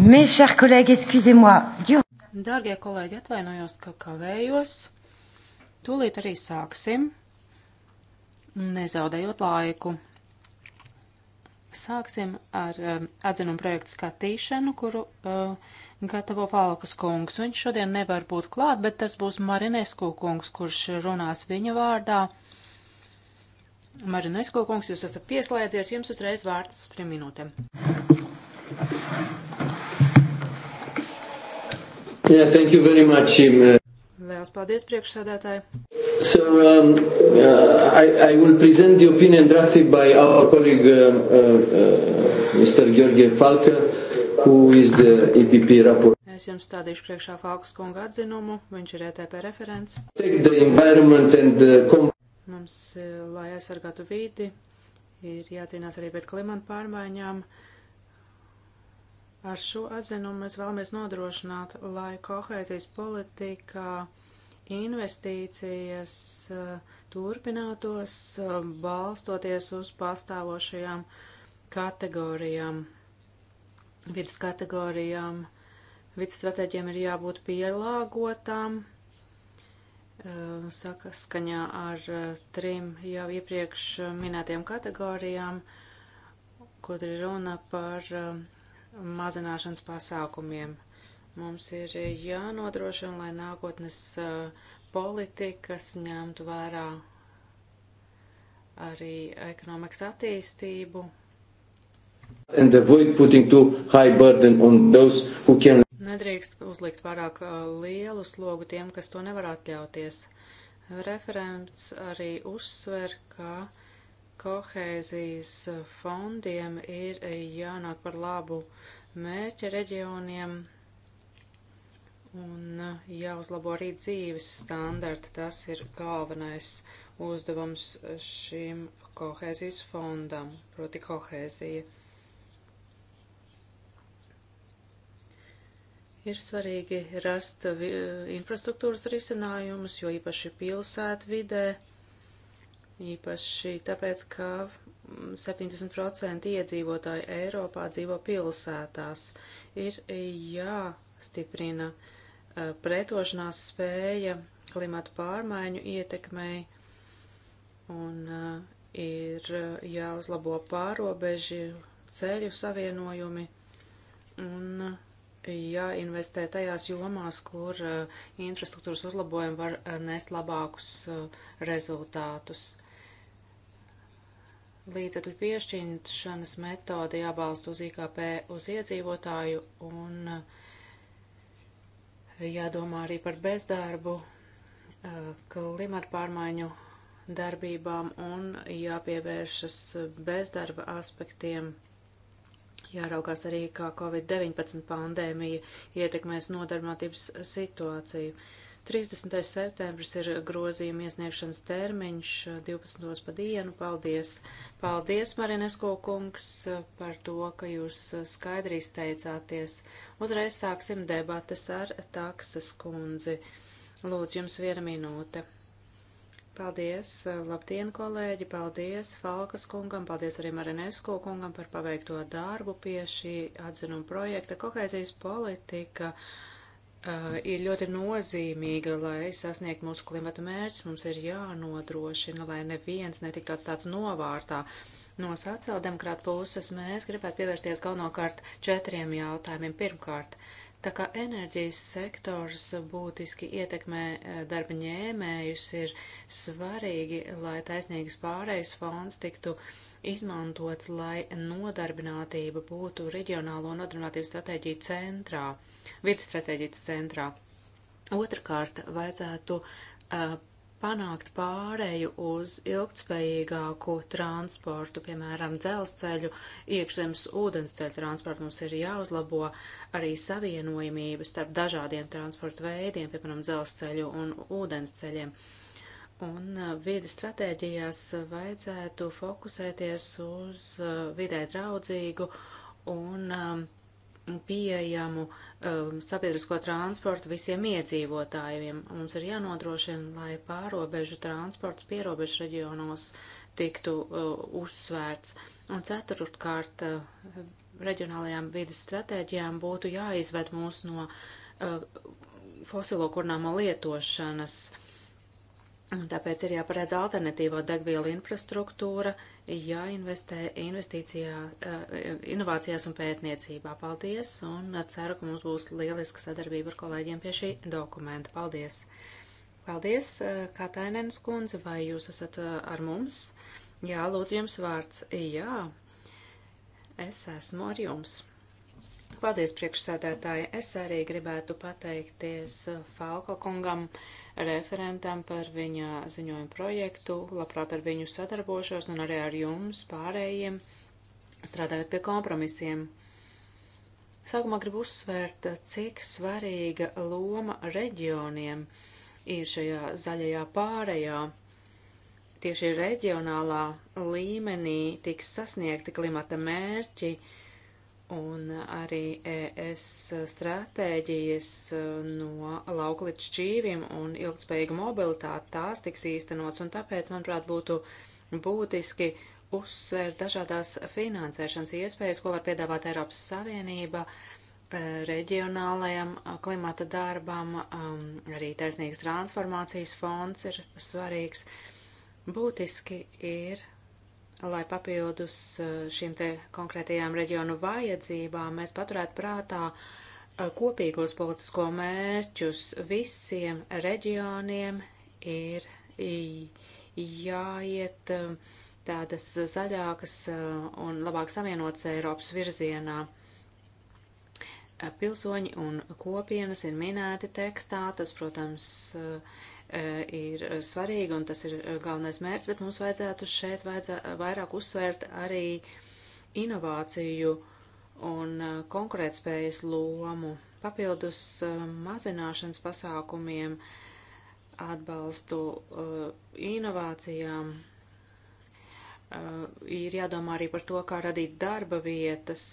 Mes chers collègues, excusez-moi. Dur... Dārgie kolēģi, atvainojos, ka kavējos. Tūlīt arī sāksim, nezaudējot laiku. Sāksim ar um, atzinumu projektu skatīšanu, kuru uh, gatavo Falkas kungs. Viņš šodien nevar būt klāt, bet tas būs Marinesko kungs, kurš runās viņa vārdā. Marinesko kungs, jūs esat pieslēdzies, jums uzreiz vārds uz trim minūtēm. Yeah, thank you very much, Jim. Liels paldies, priekšsādātāji. So, um, uh, I, I will present the opinion drafted by our colleague, um, uh, uh, Mr. Georgi Falka, who is the EPP rapporteur. Es jums stādīšu priekšā Falks kunga atzinumu, viņš ir ETP referents. Take the environment and the... Mums, eh, lai aizsargātu vīdi, ir jācīnās arī pret klimatu pārmaiņām. Uh, Ar šo atzinumu mēs vēlamies nodrošināt, lai kohēzijas politikā investīcijas eh, turpinātos eh, balstoties uz pastāvošajām kategorijām, vidas kategorijām. Vidas stratēģiem ir jābūt pielāgotām, eh, saka, skaņā ar trim jau iepriekš minētajām kategorijām, kur ir runa par mazināšanas pasākumiem. Mums ir jānodrošina, lai nākotnes politikas ņemtu vērā arī ekonomikas attīstību. Can... Nedrīkst uzlikt pārāk lielu slogu tiem, kas to nevar atļauties. Referents arī uzsver, ka kohēzijas fondiem ir jānāk par labu mērķa reģioniem un jāuzlabo arī dzīves standarta. Tas ir galvenais uzdevums šim kohēzijas fondam, proti kohēzija. Ir svarīgi rast infrastruktūras risinājumus, jo īpaši pilsētvidē vidē Īpaši tāpēc, ka 70% mm, iedzīvotāji Eiropā dzīvo pilsētās. Ir jāstiprina e, pretošanās spēja klimatu pārmaiņu ietekmei un e, ir e, jāuzlabo pārobeži ceļu savienojumi un jāinvestē tajās jomās, kur infrastruktūras uzlabojumi var nest labākus rezultātus līdzekļu piešķiršanas metode jābalsta uz IKP uz iedzīvotāju un eh, jādomā arī par bezdarbu, eh, klimata pārmaiņu darbībām un jāpievēršas bezdarba aspektiem. Jāraugās arī, kā Covid-19 pandēmija ietekmēs nodarbinātības situāciju. Uh, 30. septembris ir grozījuma iesniegšanas termiņš 12. pa dienu. Paldies! Paldies, Marinesko kungs, par to, ka jūs skaidri izteicāties. Uzreiz sāksim debates ar taksas kundzi. Lūdzu, jums viena minūte. Paldies, labdien, kolēģi, paldies Falkas kungam, paldies arī Marinesko kungam par paveikto darbu pie šī atzinuma projekta. Kohēzijas politika. Uh, Uh, ir ļoti nozīmīga, lai sasniegtu mūsu klimata mērķus. Mums ir jānodrošina, lai neviens netiktu atstāts novārtā. No sociāldemokrāta puses mēs gribētu pievērsties galvenokārt četriem jautājumiem. Pirmkārt, tā kā enerģijas sektors būtiski ietekmē uh, darba ņēmējus, ir svarīgi, lai taisnīgas pārējas fonds tiktu izmantots, lai nodarbinātība būtu reģionālo nodarbinātības stratēģiju centrā. Uh, vidas stratēģijas centrā. Otrakārt, vajadzētu uh, panākt pārēju uz ilgtspējīgāku transportu, piemēram, dzelzceļu, iekšzemes ūdensceļu transportu. Mums ir jāuzlabo arī savienojamība starp dažādiem transporta veidiem, piemēram, dzelzceļu un ūdensceļiem. Un vides stratēģijās vajadzētu fokusēties uz vidē draudzīgu un um, pieejamu um, sabiedrisko transportu visiem iedzīvotājiem. Mums ir jānodrošina, lai pārobežu transports pierobežu reģionos tiktu uh, uzsvērts. Un ceturtkārt, uh, reģionālajām vidas stratēģijām būtu jāizved mūs no uh, fosilo kurnāmo lietošanas. Uh, Tāpēc ir jāparedz alternatīvo degvielu infrastruktūra, jāinvestē investīcijā, eh, inovācijās un pētniecībā. Paldies, un ceru, ka mums būs lieliska sadarbība ar kolēģiem pie šī dokumenta. Paldies! Paldies, eh, Katainēnas kundze, vai jūs esat eh, ar mums? Jā, lūdzu jums vārds. Jā, es esmu ar jums. Paldies, priekšsēdētāji. Es arī gribētu pateikties Falko kungam. Uh, referentam par viņa ziņojumu projektu. Labprāt ar viņu sadarbošos un arī ar jums pārējiem, strādājot pie kompromisiem. Sākumā gribu uzsvērt, cik svarīga loma reģioniem ir šajā zaļajā pārējā. Tieši reģionālā līmenī tiks sasniegti klimata mērķi, uh, un arī ES stratēģijas uh, no lauka līdz šķīviem un ilgspējīga mobilitāte tās tiks īstenots, un tāpēc, manuprāt, būtu būtiski uzsvērt dažādās finansēšanas iespējas, ko var piedāvāt Eiropas Savienība uh, reģionālajam uh, klimata darbam, um, arī taisnīgas transformācijas fonds ir svarīgs. Būtiski ir lai papildus eh, šīm te konkrētajām reģionu vajadzībām mēs paturētu prātā eh, kopīgos politisko mērķus visiem reģioniem ir jāiet eh, tādas zaļākas un labāk savienotas Eiropas virzienā. Pilsoņi un kopienas ir minēti tekstā, tas, protams, ir E, ir e, svarīga un tas ir e, galvenais mērķis, bet mums vajadzētu šeit vajadzē, vairāk uzsvērt arī inovāciju un konkurētspējas lomu. Papildus mazināšanas pasākumiem atbalstu inovācijām ir jādomā arī par to, kā radīt darba vietas.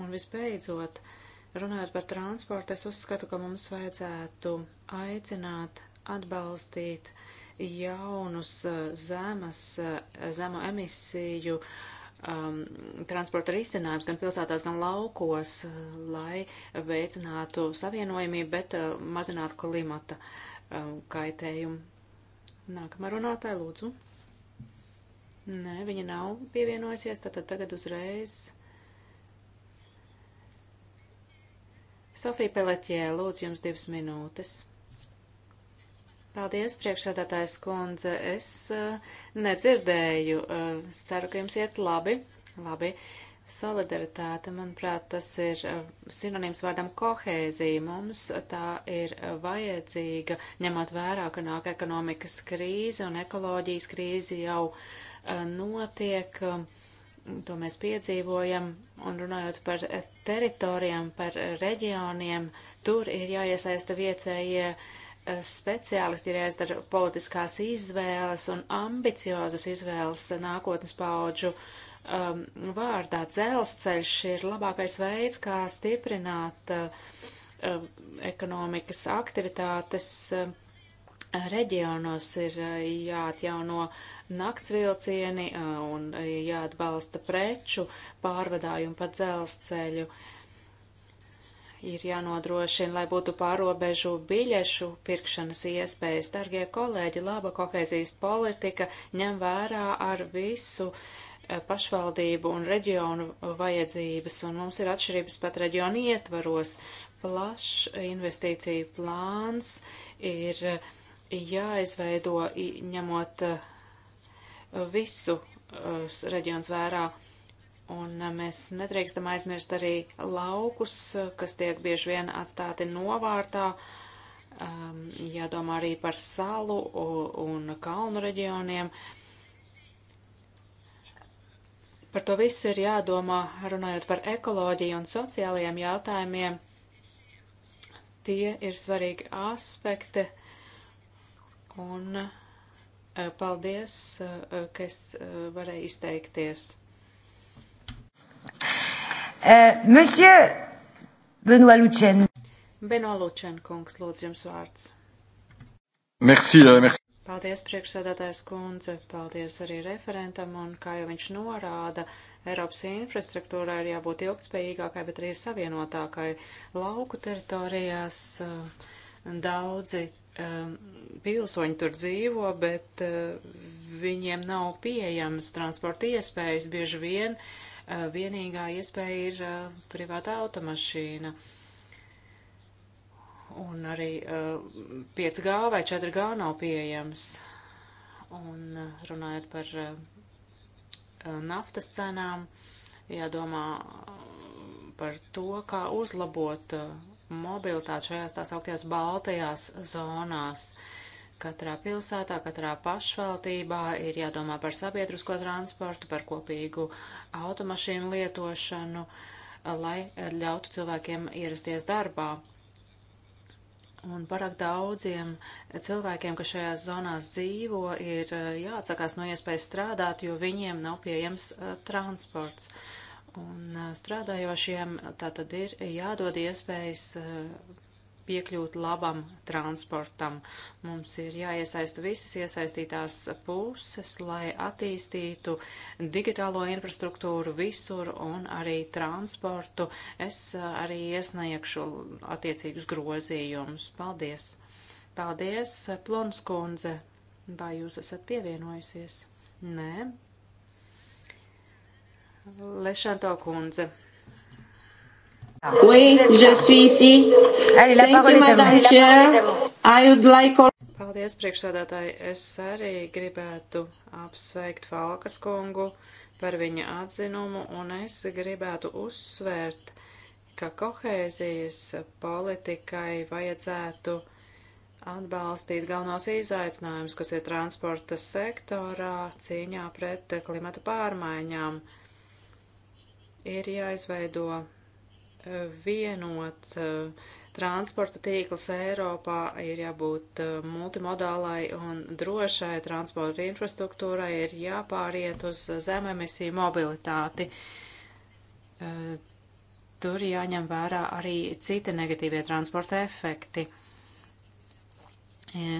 Un visbeidzot, runājot par transportu, es uzskatu, ka mums vajadzētu aicināt atbalstīt jaunus eh, zemes, eh, zemu emisiju um, transporta risinājums gan pilsētās, gan laukos, eh, lai veicinātu savienojumību, bet uh, mazinātu klimata um, kaitējumu. Nākamā runātāja, lūdzu. Nē, viņa nav pievienojusies, tātad tagad uzreiz. Sofija Peleķē, lūdzu jums divas minūtes. Paldies, priekšsēdētājs kundze. Es uh, nedzirdēju. Uh, es ceru, ka jums iet labi. Labi. Solidaritāte, manuprāt, tas ir uh, sinonīms vārdam kohēzija. Mums tā ir vajadzīga, ņemot vērā, ka nāk ekonomikas krīze un ekoloģijas krīze jau notiek. To mēs piedzīvojam. Un runājot par teritorijām, par reģioniem, tur ir jāiesaista vietējie. Ja speciālisti ir jāizdara politiskās izvēles un ambiciozas izvēles nākotnes paudžu um, vārdā. Dzelzceļš ir labākais veids, kā stiprināt uh, um, ekonomikas aktivitātes uh, reģionos, ir uh, jāatjauno naktsvilcieni uh, un jāatbalsta preču pārvadājumu pa dzelzceļu. Uh, Ir jānodrošina, lai būtu pārobežu biļešu pirkšanas iespējas. Dargie kolēģi, laba kohēzijas politika ņem vērā ar visu eh, pašvaldību un reģionu vajadzības, un mums ir atšķirības pat reģionu ietvaros. Plašs investīciju plāns ir eh, jāizveido, ņemot eh, visu reģions vērā. Un mēs nedrīkstam aizmirst arī laukus, kas tiek bieži vien atstāti novārtā. Um, jādomā arī par salu un kalnu reģioniem. Par to visu ir jādomā, runājot par ekoloģiju un sociālajiem jautājumiem. Tie ir svarīgi aspekti. Un paldies, ka es varēju izteikties. Uh, monsieur Benoît Lučen. Benoît Lučen, kungs, lūdzu jums vārds. Merci, euh, merci. Paldies, priekšsēdētājs kundze, paldies arī referentam, un kā jau viņš norāda, Eiropas infrastruktūrā ir jābūt ilgspējīgākai, bet arī savienotākai. Lauku teritorijās daudzi um, pilsoņi tur dzīvo, bet uh, viņiem nav pieejamas transporta iespējas bieži vien. Uh, Eh, vienīgā iespēja ir eh, privāta automašīna. Un arī 5G eh, vai 4G nav pieejams. Un runājot par naftas cenām, jādomā par to, kā uzlabot mobilitāti šajās tās augtajās baltajās zonās. Uh, Katrā pilsētā, katrā pašvaldībā ir jādomā par sabiedrisko transportu, par kopīgu automašīnu lietošanu, lai ļautu cilvēkiem ierasties darbā. Un parāk daudziem cilvēkiem, kas šajās zonās dzīvo, ir eh, jāatsakās no iespējas strādāt, jo viņiem nav pieejams eh, transports. Un eh, strādājošiem tātad ir jādod iespējas piekļūt labam transportam. Mums ir jāiesaista visas iesaistītās puses, lai attīstītu digitālo infrastruktūru visur un arī transportu. Es uh, arī iesniegšu attiecīgus grozījumus. Paldies! Paldies, Plons kundze! Vai jūs esat pievienojusies? Nē. Lešanto kundze. Oui, je suis ici. Allez, la parole est à vous. I would like all... Paldies, priekšsādātāji. Es arī gribētu apsveikt Falkas kungu par viņa atzinumu, un es gribētu uzsvērt, ka kohēzijas politikai vajadzētu atbalstīt galvenos izaicinājumus, kas ir transporta sektorā cīņā pret klimata pārmaiņām. Ir jāizveido vienots eh, transporta tīkls Eiropā, ir jābūt eh, multimodālai un drošai transporta infrastruktūrai, ir jāpāriet uz zememisiju mobilitāti. Eh, tur jāņem vērā arī citi negatīvie transporta efekti.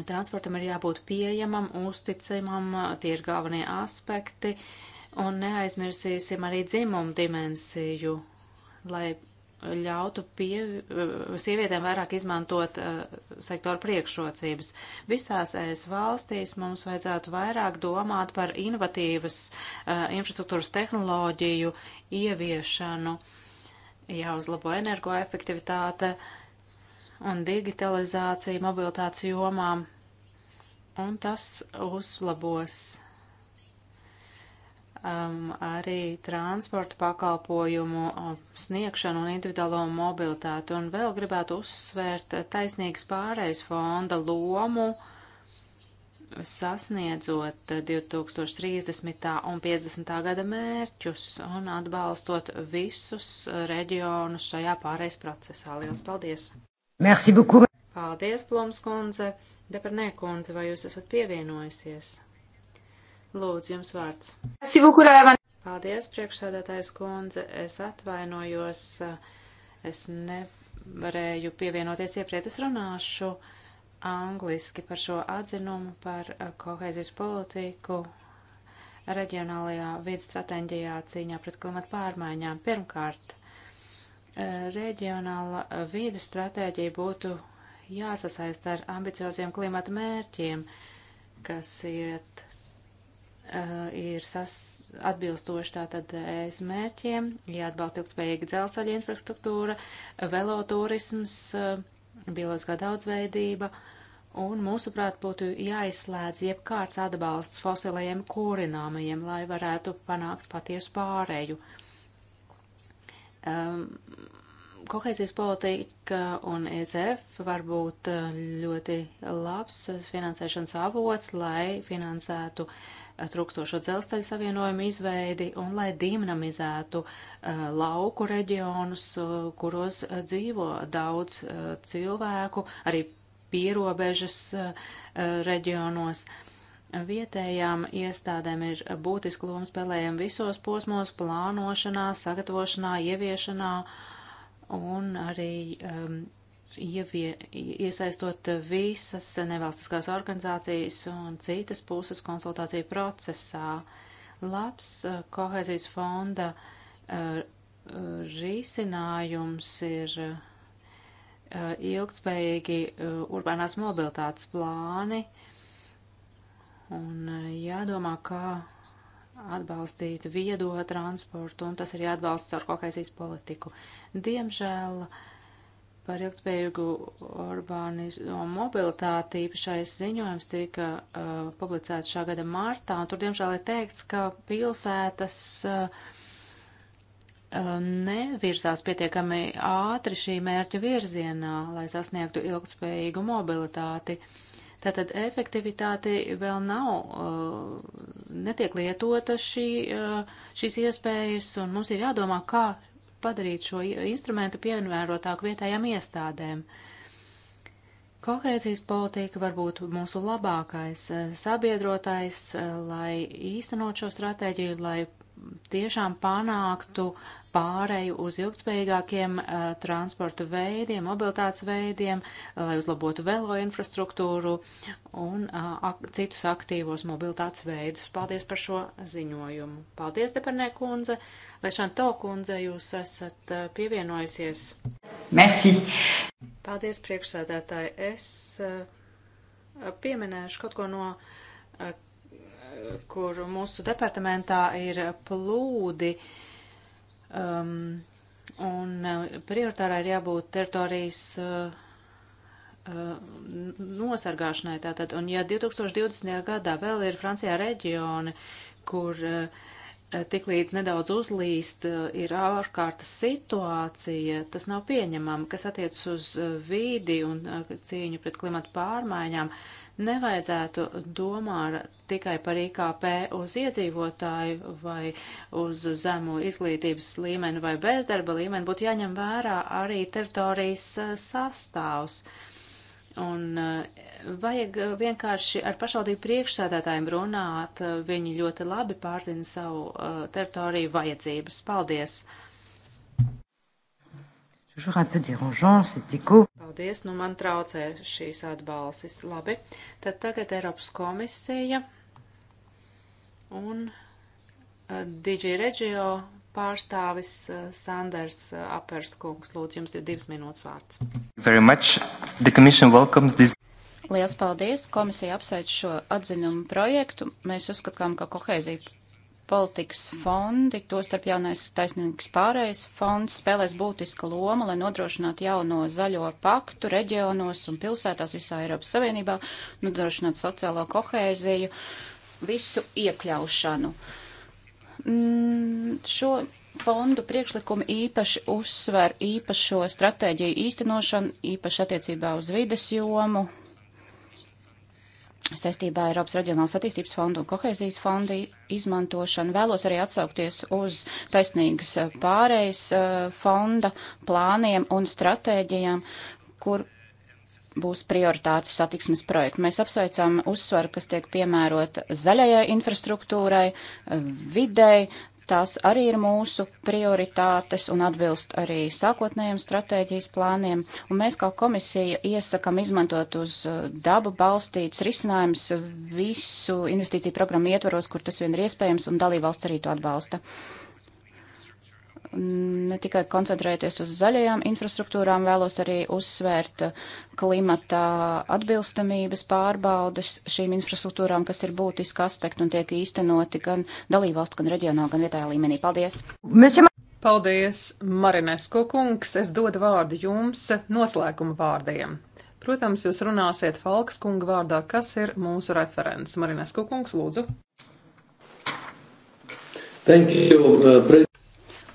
Transportam ir jābūt pieejamam, uzticamam, tie ir galvenie aspekti, un neaizmirsīsim arī dzimumu dimensiju, lai ļautu pie, eh, sievietēm vairāk izmantot uh, eh, sektoru priekšrocības. Visās ES valstīs mums vajadzētu vairāk domāt par inovatīvas uh, infrastruktūras tehnoloģiju ieviešanu, jāuzlabo energoefektivitāte un digitalizācija mobilitātes jomām, un tas uzlabos um, arī transporta pakalpojumu um, sniegšanu un individuālo mobilitāti. Un vēl gribētu uzsvērt taisnīgas pārējas fonda lomu sasniedzot 2030. un 50. gada mērķus un atbalstot visus reģionus šajā pārējais procesā. Lielas paldies! Merci beaucoup! Paldies, Plums kundze! Depernē kundze, vai jūs esat pievienojusies? Lūdzu, jums vārds. Paldies, priekšsādātājs kundze. Es atvainojos, es nevarēju pievienoties iepriekš. Es runāšu angliski par šo atzinumu par eh, kohēzijas politiku reģionālajā vidas stratēģijā cīņā pret klimatu pārmaiņām. Pirmkārt, eh, reģionāla vidas stratēģija būtu jāsasaista ar ambicioziem klimata mērķiem, kas iet Eh, ir sas, atbilstoši tātad ES mērķiem, jāatbalsta ilgspējīga dzelzceļa infrastruktūra, veloturisms, eh, bioloģiskā daudzveidība, un mūsuprāt būtu jāizslēdz jebkāds atbalsts fosilajiem kūrināmajiem, lai varētu panākt patiesu pārēju. Um, Kohēzijas politika un ESF var būt eh, ļoti labs finansēšanas avots, lai finansētu uh, trūkstošo dzelzceļa savienojumu izveidi un lai dinamizētu uh, lauku reģionus, uh, kuros uh, dzīvo daudz cilvēku, arī pierobežas reģionos. Vietējām iestādēm ir būtiski loma spēlējama visos posmos - plānošanā, sagatavošanā, ieviešanā un arī um, ievie, iesaistot visas nevalstiskās organizācijas un citas puses konsultāciju procesā. Labs eh, kohēzijas fonda eh, risinājums ir eh, ilgtspējīgi urbānās mobilitātes plāni un jādomā, kā atbalstīt viedo transportu, un tas ir jāatbalsts ar kohēzijas politiku. Diemžēl uh, par ilgspējīgu urbānismu mobilitāti īpašais ziņojums tika uh, publicēts šā gada martā, un tur diemžēl ir teikts, ka pilsētas uh, uh nevirzās pietiekami ātri šī mērķa virzienā, lai sasniegtu ilgspējīgu mobilitāti. Tātad efektivitāti vēl nav, uh, netiek lietota šī, uh, šīs iespējas, un mums ir jādomā, kā padarīt šo instrumentu piemērotāku vietējām iestādēm. Kohēzijas politika var būt mūsu labākais eh, sabiedrotais, eh, lai īstenot šo stratēģiju, lai tiešām panāktu pāreju uz ilgspējīgākiem uh, eh, transporta veidiem, mobilitātes veidiem, eh, lai uzlabotu velo infrastruktūru un uh, ak citus aktīvos mobilitātes veidus. Paldies par šo ziņojumu. Paldies, Deparnē kundze. Lešanto kundze, jūs esat uh, pievienojusies. Merci. Paldies, priekšsēdētāji. Es uh, pieminēšu kaut ko no uh, kur mūsu departamentā ir plūdi. Um, un uh, prioritārā ir jābūt teritorijas uh, uh nosargāšanai tātad. Un ja 2020. gadā vēl ir Francijā reģioni, kur uh, tik līdz nedaudz uzlīst, uh, ir ārkārtas situācija, tas nav pieņemama, kas attiec uz uh, vīdi un cīņu pret klimatu pārmaiņām, uh, nevajadzētu domāt tikai par IKP uz iedzīvotāju vai uz zemu izglītības līmeni vai bezdarba līmeni, būtu jāņem vērā arī teritorijas eh, sastāvs. Un eh, vajag eh, vienkārši ar pašvaldību priekšsēdētājiem runāt, viņi ļoti labi pārzina savu teritoriju vajadzības. Paldies! Toujours un peu dérangeant, cet écho. Paldies, nu man traucē šīs atbalsis. Labi, tad tagad Eiropas komisija un uh, eh, DJ Regio pārstāvis uh, Sanders uh, Aperskungs. Lūdzu, jums ir divas minūtes vārds. Very much. The commission welcomes this. Liels paldies! Komisija apsveic šo atzinumu projektu. Mēs uzskatām, ka kohēzija politikas fondi, tostarp jaunais taisnīgs pārējais fonds, spēlēs būtisku lomu, lai nodrošinātu jauno zaļo paktu reģionos un pilsētās visā Eiropas Savienībā, nodrošinātu sociālo kohēziju, visu iekļaušanu. Mm, šo fondu priekšlikumi īpaši uzsver īpašo stratēģiju īstenošanu, īpaši attiecībā uz vides jomu, saistībā ar Eiropas Reģionālās attīstības fondu un kohēzijas fondu izmantošanu. Vēlos arī atsaukties uz taisnīgas eh, pārējas eh, fonda plāniem un stratēģijām, kur būs prioritāti satiksmes projekti. Mēs apsveicam uzsvaru, kas tiek piemērota zaļajai infrastruktūrai, eh, videi, Tās arī ir mūsu prioritātes un atbilst arī sākotnējiem stratēģijas plāniem, un mēs kā komisija iesakam izmantot uz uh, dabu balstītas risinājumus visu investīciju programmu ietvaros, kur tas vien ir iespējams, un dalībvalsts arī to atbalsta. Uh, Mm, ne tikai koncentrēties uz zaļajām infrastruktūrām, vēlos arī uzsvērt klimata atbilstamības pārbaudas šīm infrastruktūrām, kas ir būtiski aspekti un tiek īstenoti gan dalībvalstu, gan reģionāli, gan vietējā līmenī. Paldies! Paldies, Marinesko kungs! Es dodu vārdu jums noslēguma vārdiem. Protams, jūs runāsiet Falks kunga vārdā, kas ir mūsu referents. Marinesko kungs, lūdzu! Thank you, uh,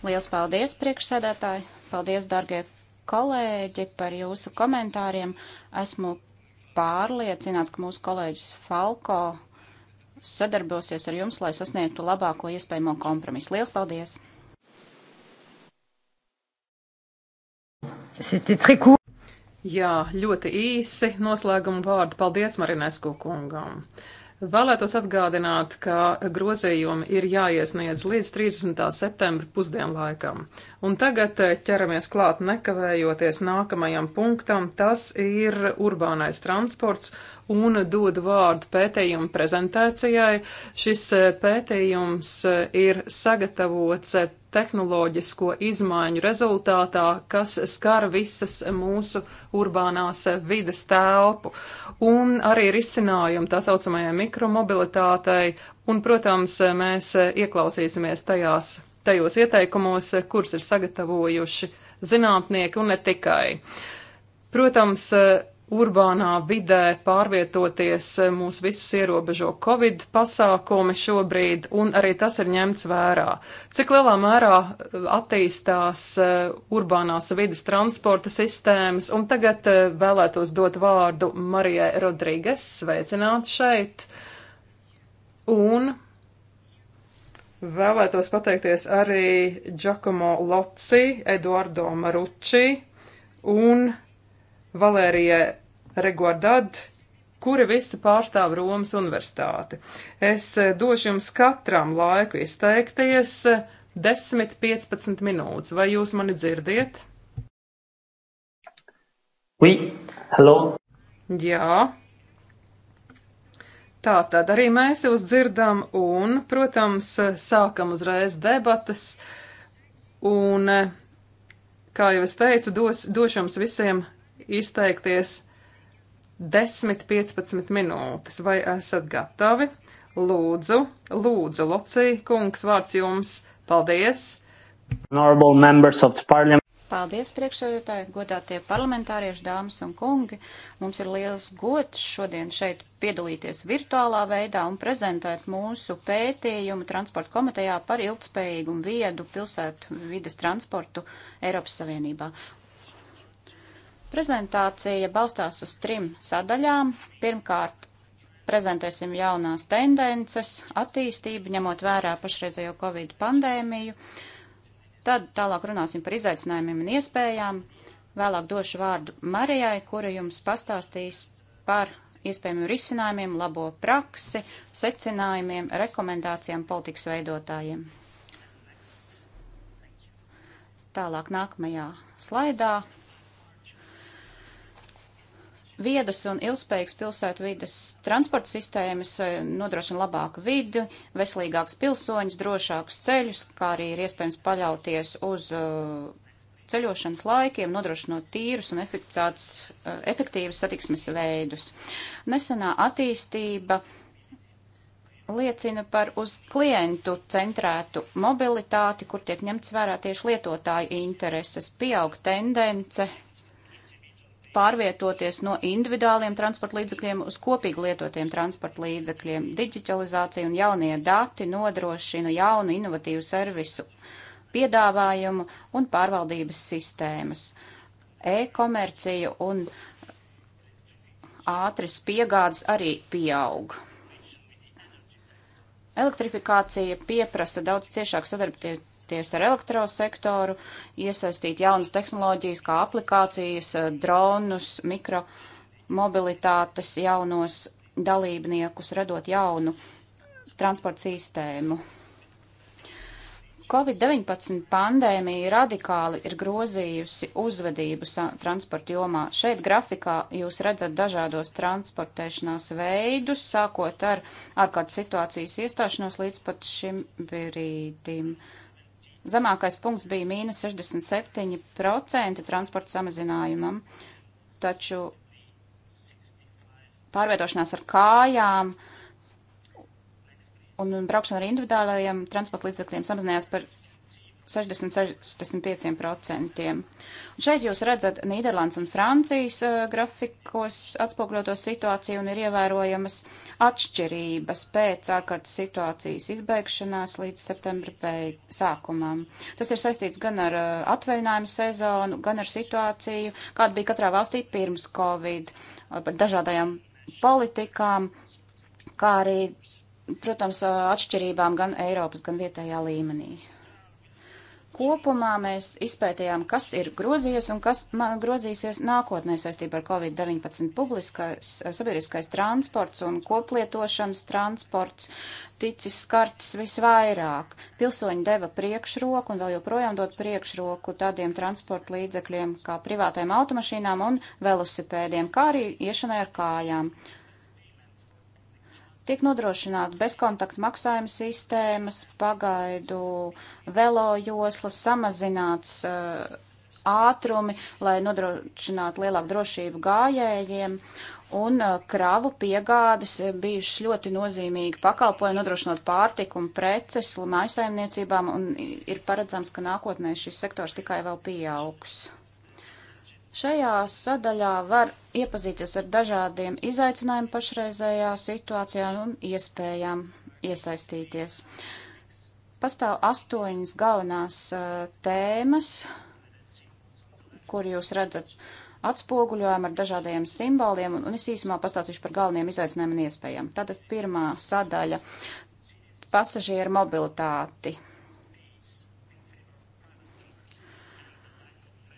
Liels paldies, priekšsēdētāji! Paldies, dargie kolēģi, par jūsu komentāriem. Esmu pārliecināts, ka mūsu kolēģis Falko sadarbosies ar jums, lai sasniegtu labāko iespējamo kompromisu. Liels paldies! Jā, ļoti īsi noslēguma vārdu. Paldies Marinesku kungam! Vēlētos atgādināt, ka grozījumi ir jāiesniedz līdz 30. septembra pusdienlaikam. Un tagad eh, ķeramies klāt nekavējoties nākamajam punktam. Tas ir urbānais transports un dod vārdu pētījumu prezentācijai. Šis eh, pētījums eh, ir sagatavots tehnoloģisko izmaiņu rezultātā, kas skar visas mūsu urbānās vides telpu. Uh, un arī risinājumu tā saucamajai mikromobilitātei, un, protams, mēs ieklausīsimies tajās, tajos ieteikumos, kurus ir sagatavojuši zinātnieki un ne tikai. Protams, urbānā vidē pārvietoties, e, mūs visus ierobežo Covid pasākumi šobrīd, un arī tas ir ņemts vērā. Cik lielā mērā e, attīstās e, urbānās vidas transporta sistēmas, un tagad vēlētos dot vārdu Marijai Rodrīgas, sveicināt šeit, un vēlētos pateikties arī Giacomo Locci, Eduardo Marucci, un Valērijai Reguardad, kuri visi pārstāv Romas universitāti. Es eh, došu jums katram laiku izteikties 10-15 eh, minūtes. Vai jūs mani dzirdiet? Oui, hello. Jā. Tā tad arī mēs jūs dzirdam un, protams, sākam uzreiz debatas un, eh, kā jau es teicu, dos, došams visiem izteikties 10-15 minūtes. Vai esat gatavi? Lūdzu, lūdzu, Locija kungs, vārds jums. Paldies! Paldies, priekšsēdētāji, godātie parlamentārieši, dāmas un kungi. Mums ir liels gods šodien šeit piedalīties virtuālā veidā un prezentēt mūsu pētījumu transporta komitejā par ilgspējīgu un viedu pilsētu vides transportu Eiropas Savienībā. Prezentācija balstās uz trim sadaļām. Pirmkārt, prezentēsim jaunās tendences, attīstību, ņemot vērā pašreizējo Covid pandēmiju. Tad tālāk runāsim par izaicinājumiem un iespējām. Vēlāk došu vārdu Marijai, kura jums pastāstīs par iespējamiem risinājumiem, labo praksi, secinājumiem, rekomendācijām politikas veidotājiem. Tālāk nākamajā slaidā Viedas un ilgspējīgas pilsētu vidas transporta sistēmas eh, nodrošina labāku vidi, veselīgākus pilsoņus, drošākus ceļus, kā arī ir iespējams paļauties uz eh, ceļošanas laikiem, nodrošinot tīrus un eh, efektīvas satiksmes veidus. Nesenā attīstība liecina par uz klientu centrētu mobilitāti, kur tiek ņemts vērā tieši lietotāju intereses, pieaug tendence pārvietoties no individuāliem transporta līdzekļiem uz kopīgi lietotiem transporta līdzekļiem. Digitalizācija un jaunie dati nodrošina jaunu inovatīvu servisu piedāvājumu un pārvaldības sistēmas. E-komercija un ātris piegādes arī pieaug. Elektrifikācija pieprasa daudz ciešāku sadarbību sadarboties ar elektrosektoru, iesaistīt jaunas tehnoloģijas kā aplikācijas, eh, dronus, mikromobilitātes jaunos dalībniekus, radot jaunu transporta sistēmu. Covid-19 pandēmija radikāli ir grozījusi uzvedību transporta jomā. Šeit grafikā jūs redzat dažādos transportēšanās veidus, sākot ar ārkārtas situācijas iestāšanos līdz pat šim brīdim. Uh, Zemākais punkts bija mīnus 67% transporta samazinājumam, taču pārvietošanās ar kājām un braukšana ar individuālajiem transporta līdzekļiem samazinājās par 60%. 60-65%. Šeit jūs redzat Nīderlandes un Francijas uh, grafikos atspogļoto situāciju un ir ievērojamas atšķirības pēc ārkārtas situācijas izbeigšanās līdz septembra beig sākumam. Tas ir saistīts gan ar uh, atvaļinājumu sezonu, gan ar situāciju, kāda bija katrā valstī pirms Covid, eh, par dažādajām politikām, kā arī, protams, atšķirībām gan Eiropas, gan vietējā līmenī kopumā mēs izpētījām, kas ir grozījies un kas grozīsies nākotnē saistībā ar Covid-19 publiskais, sabiedriskais transports un koplietošanas transports ticis skarts visvairāk. Pilsoņi deva priekšroku un vēl joprojām dod priekšroku tādiem transporta līdzekļiem kā privātajām automašīnām un velosipēdiem, kā arī iešanai ar kājām. Uh, Tiek nodrošināta bezkontaktu maksājuma sistēmas, pagaidu velojoslas, samazināts uh, ātrumi, lai nodrošinātu lielāku drošību gājējiem. Un uh, kravu piegādes uh, bijušas ļoti nozīmīgi pakalpojumi, nodrošinot pārtiku un preces mājasaimniecībām, un ir paredzams, ka nākotnē šis sektors tikai vēl pieaugs. Šajā sadaļā var iepazīties ar dažādiem izaicinājumiem pašreizējā situācijā un iespējām iesaistīties. Pastāv astoņas galvenās eh, tēmas, kur jūs redzat atspoguļojumu ar dažādiem simboliem, un es īsumā pastāstīšu par galveniem izaicinājumiem un iespējām. Tātad pirmā sadaļa - pasažieru mobilitāti.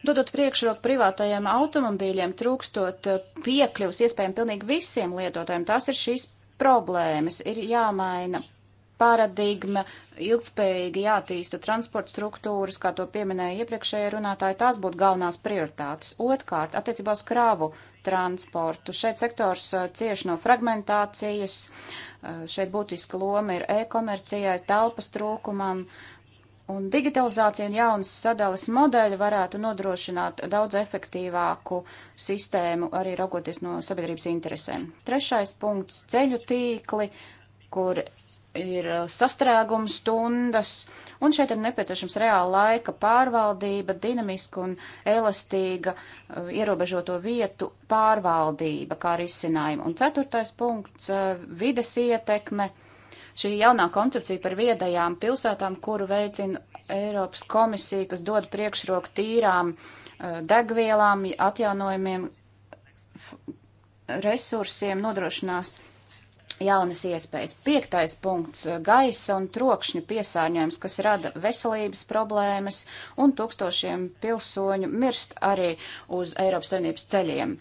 dodot priekšroku privātajiem automobīļiem, trūkstot eh, piekļuvs iespējami pilnīgi visiem lietotājiem. Tās ir šīs problēmas, ir jāmaina paradigma, ilgspējīgi jātīsta transporta struktūras, kā to pieminēja iepriekšējie runātāji, tās būtu galvenās prioritātes. Otkārt, attiecībā uz krāvu transportu. Šeit sektors eh, cieš no fragmentācijas, eh, šeit būtiska loma ir e-komercijai, telpas trūkumam, uh, Un digitalizācija un jaunas sadalas modeļi varētu nodrošināt daudz efektīvāku sistēmu, arī raugoties no sabiedrības interesēm. Trešais punkts - ceļu tīkli, kur ir uh, sastrēguma stundas, un šeit ir nepieciešams reāla laika pārvaldība, dinamiska un elastīga uh, ierobežoto vietu pārvaldība kā risinājuma. Un ceturtais punkts uh, - vides ietekme. Uh, šī jaunā koncepcija par viedajām pilsētām, kuru veicina Eiropas komisija, kas dod priekšroku tīrām eh, degvielām, atjaunojumiem resursiem, nodrošinās jaunas iespējas. Piektais punkts - gaisa un trokšņu piesārņojums, kas rada veselības problēmas un tūkstošiem pilsoņu mirst arī uz Eiropas Savienības ceļiem.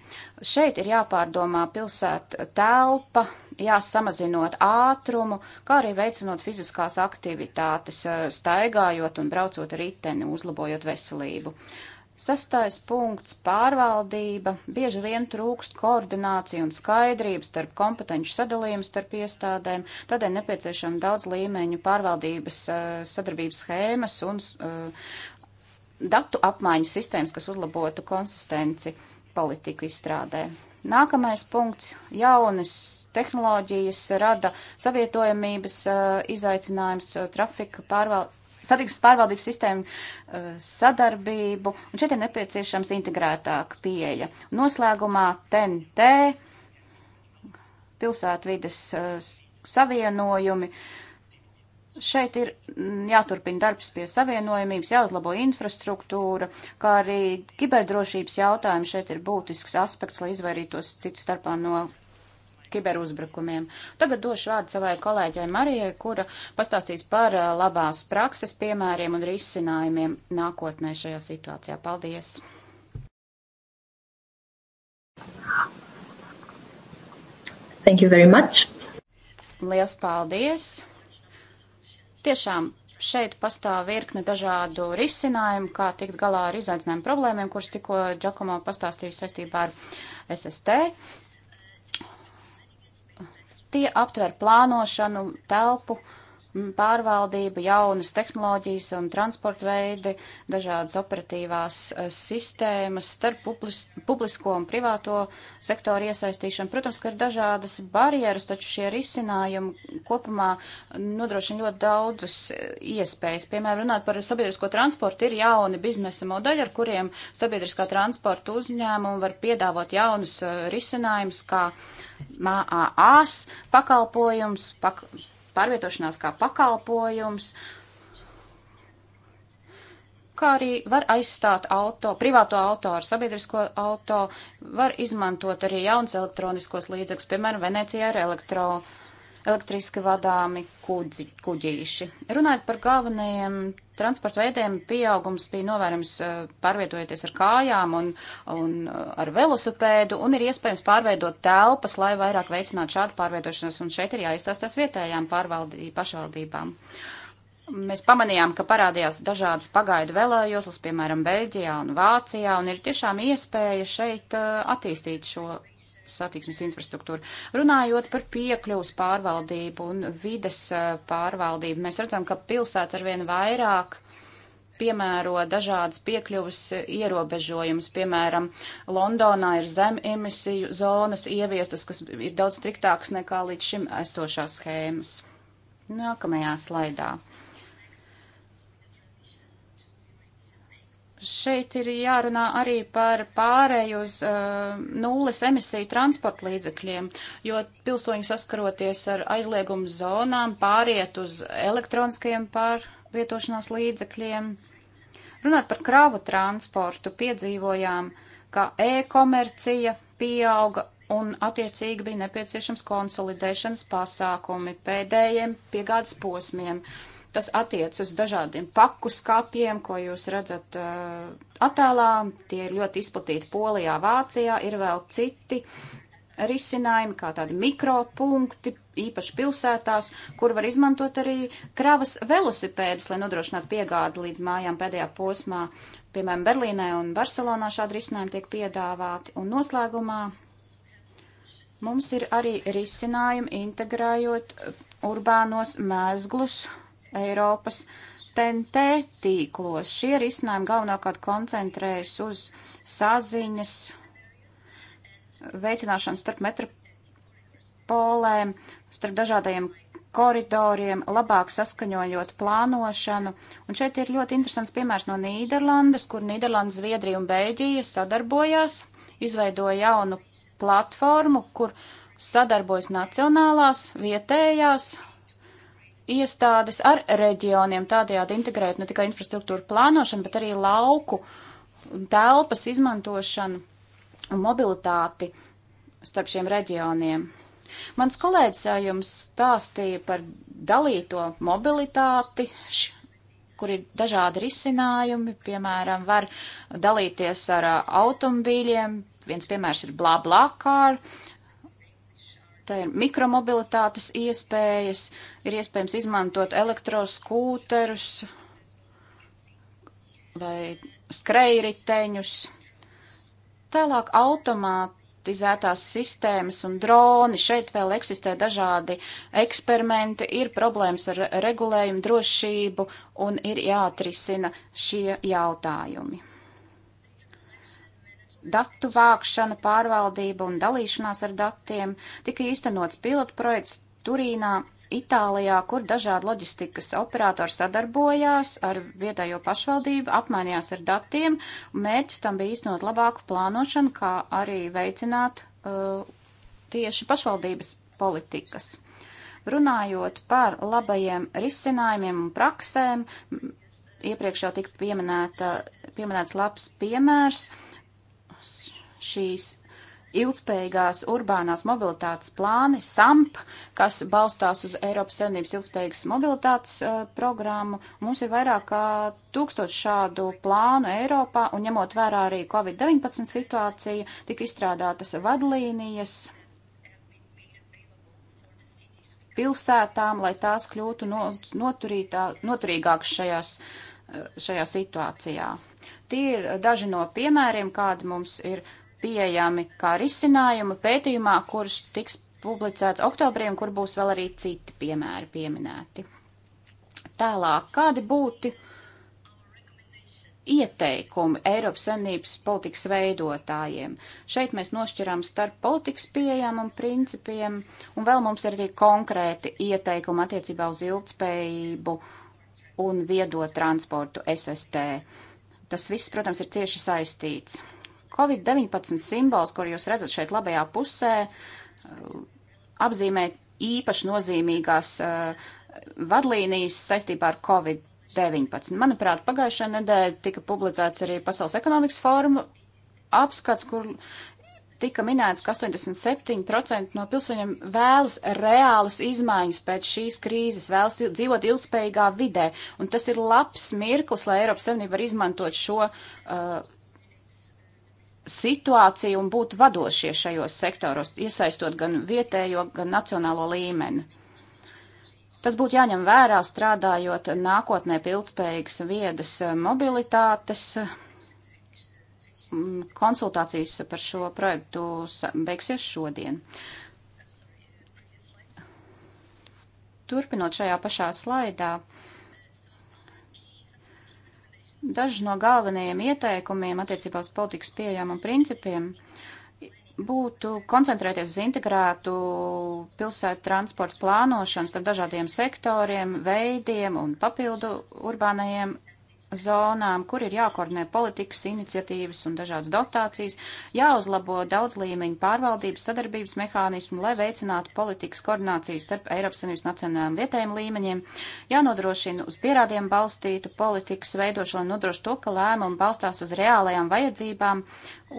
Šeit ir jāpārdomā pilsēta telpa, jāsamazinot ātrumu, kā arī veicinot fiziskās aktivitātes, eh, staigājot un braucot riteni, uzlabojot veselību. Sastais punkts - pārvaldība. Bieži vien trūkst koordinācija un skaidrības starp kompetenci sadalījumu starp iestādēm, tādēļ nepieciešama daudz līmeņu pārvaldības eh, sadarbības schēmas un uh, datu apmaiņas sistēmas, kas uzlabotu konsistenci politiku izstrādē. Nākamais punkts - jaunas tehnoloģijas rada savietojamības uh, izaicinājums uh, trafika pārvaldības satiksmes pārvaldības sistēmu uh, sadarbību, un šeit ir nepieciešams integrētāka pieeja. Noslēgumā TNT pilsētvides savienojumi, uh, Šeit ir mm, jāturpina darbs pie savienojumības, jāuzlabo infrastruktūra, kā arī kiberdrošības jautājumi šeit ir būtisks aspekts, lai izvairītos citu starpā no kiberuzbrukumiem. Tagad došu vārdu savai kolēģai Marijai, kura pastāstīs par labās prakses piemēriem un risinājumiem nākotnē šajā situācijā. Paldies! Thank you very much! Lielas paldies! Tiešām šeit pastāv virkne dažādu risinājumu, kā tikt galā ar izaicinājumu problēmiem, kuras tikko Džakomo pastāstīja saistībā ar SST. Tie aptver plānošanu, telpu, uh, pārvaldība, jaunas tehnoloģijas un transporta veidi, dažādas operatīvās eh, sistēmas, starp publis, publisko un privāto sektoru iesaistīšanu. Protams, ka ir dažādas barjeras, taču šie risinājumi kopumā nodrošina ļoti daudzus eh, iespējas. Piemēram, runāt par sabiedrisko transportu ir jauni biznesa modeļi, ar kuriem sabiedriskā transporta uzņēmumi var piedāvāt jaunus eh, risinājumus, kā MAAS pakalpojums, pak pārvietošanās kā pakalpojums, kā arī var aizstāt auto, privāto auto ar sabiedrisko auto, var izmantot arī jauns elektroniskos līdzekļus, piemēram, Venecijā ir elektro, elektriski vadāmi kudzi, kuģīši. Runājot par galvenajiem transporta veidiem pieaugums bija novērams eh, pārvietojoties ar kājām un, un eh, ar velosipēdu, un ir iespējams pārveidot telpas, lai vairāk veicinātu šādu pārvietošanos, un šeit ir jāizstāstās vietējām pašvaldībām. Mēs pamanījām, ka parādījās dažādas pagaidu velojoslas, piemēram, Beļģijā un Vācijā, un ir tiešām iespēja šeit eh, attīstīt šo satiksmes infrastruktūru. Runājot par piekļuvas pārvaldību un vides eh, pārvaldību, mēs redzam, ka pilsētas arvien vairāk piemēro dažādas piekļuvas eh, ierobežojumus. Piemēram, Londonā ir zem emisiju zonas ieviestas, kas ir daudz striktākas nekā līdz šim esošās schēmas. Nākamajā slaidā. Uh, Šeit ir jārunā arī par pārēju uz uh, nulles emisiju transporta līdzekļiem, jo pilsoņi saskaroties ar aizliegumu zonām pāriet uz elektroniskajiem pārvietošanās līdzekļiem. Runāt par kravu transportu piedzīvojām, ka e-komercija pieauga un attiecīgi bija nepieciešams konsolidēšanas pasākumi pēdējiem piegādes posmiem. Uh, Tas attiec uz dažādiem paku skapjiem, ko jūs redzat uh, attēlā. Tie ir ļoti izplatīti Polijā, Vācijā. Ir vēl citi risinājumi, kā tādi mikropunkti, īpaši pilsētās, kur var izmantot arī kravas velosipēdus, lai nodrošinātu piegādi līdz mājām pēdējā posmā. Piemēram, Berlīnē un Barcelonā šādi risinājumi tiek piedāvāti. Un noslēgumā mums ir arī risinājumi integrējot urbānos mēzglus Eiropas TNT tīklos. Šie risinājumi galvenokārt koncentrējas uz saziņas veicināšanu starp metropolēm, starp dažādajiem koridoriem, labāk saskaņojot plānošanu. Un šeit ir ļoti interesants piemērs no Nīderlandes, kur Nīderlandes, Zviedrija un Beļģija sadarbojās, izveidoja jaunu platformu, kur sadarbojas nacionālās, vietējās iestādes ar reģioniem, tādējādi integrēt ne tikai infrastruktūru plānošanu, bet arī lauku telpas izmantošanu un mobilitāti starp šiem reģioniem. Mans kolēģis jums stāstīja par dalīto mobilitāti, kur ir dažādi risinājumi, piemēram, var dalīties ar automobīļiem, viens piemērs ir blablakār, bla, Tā ir mikromobilitātes iespējas, ir iespējams izmantot elektroskūterus vai skrejriteņus. Tālāk automatizētās sistēmas un droni. Šeit vēl eksistē dažādi eksperimenti, ir problēmas ar regulējumu drošību un ir jāatrisina šie jautājumi datu vākšana, pārvaldība un dalīšanās ar datiem, tika īstenots pilotprojekts Turīnā, Itālijā, kur dažādi loģistikas operatori sadarbojās ar vietējo pašvaldību, apmainījās ar datiem, un mērķis tam bija īstenot labāku plānošanu, kā arī veicināt uh, tieši pašvaldības politikas. Runājot par labajiem risinājumiem un praksēm, iepriekš jau tika pieminēta, pieminēts labs piemērs. Uh, šīs ilgspējīgās urbānās mobilitātes plāni, SAMP, kas balstās uz Eiropas Savienības ilgspējīgas mobilitātes uh, programmu. Mums ir vairāk kā tūkstoši šādu plānu Eiropā, un ņemot vērā arī Covid-19 situāciju, tika izstrādātas vadlīnijas pilsētām, lai tās kļūtu no, noturīgākas šajās, eh, šajā situācijā. Tie ir daži no piemēriem, kādi mums ir pieejami kā risinājumi pētījumā, kurš tiks publicēts oktobrī un kur būs vēl arī citi piemēri pieminēti. Tālāk, kādi būtu ieteikumi Eiropas Savienības politikas veidotājiem? Šeit mēs nošķirām starp politikas pieejām un principiem, un vēl mums ir arī konkrēti ieteikumi attiecībā uz ilgtspējību un viedo transportu SST. Tas viss, protams, ir cieši saistīts. Covid-19 simbols, kur jūs redzat šeit labajā pusē, apzīmē īpaši nozīmīgās uh, vadlīnijas saistībā ar Covid-19. Manuprāt, pagājušajā nedēļā tika publicēts arī Pasaules ekonomikas fóruma apskats, kur tika minēts, ka 87% no pilsoņiem vēlas reālas izmaiņas pēc šīs krīzes, vēlas dzīvot ilgspējīgā vidē. Un tas ir labs mirklis, lai Eiropas Savienība var izmantot šo uh, situāciju un būt vadošie šajos sektoros, iesaistot gan vietējo, gan nacionālo līmeni. Tas būtu jāņem vērā strādājot nākotnē pie ilgspējīgas viedas mobilitātes. Uh, Mm, konsultācijas par šo projektu beigsies šodien. Turpinot šajā pašā slaidā, daži no galvenajiem ieteikumiem attiecībā uz politikas pieejām un principiem būtu koncentrēties uz integrētu pilsētu transportu plānošanu starp dažādiem sektoriem, veidiem un papildu urbānajiem zonām, kur ir jākoordinē politikas iniciatīvas un dažādas dotācijas, jāuzlabo daudz līmeņu pārvaldības sadarbības mehānismu, lai veicinātu politikas koordināciju starp Eiropas Savienības nacionālajiem vietējiem līmeņiem, jānodrošina uz pierādiem balstītu politikas veidošanu, nodrošina to, ka lēmumi balstās uz reālajām vajadzībām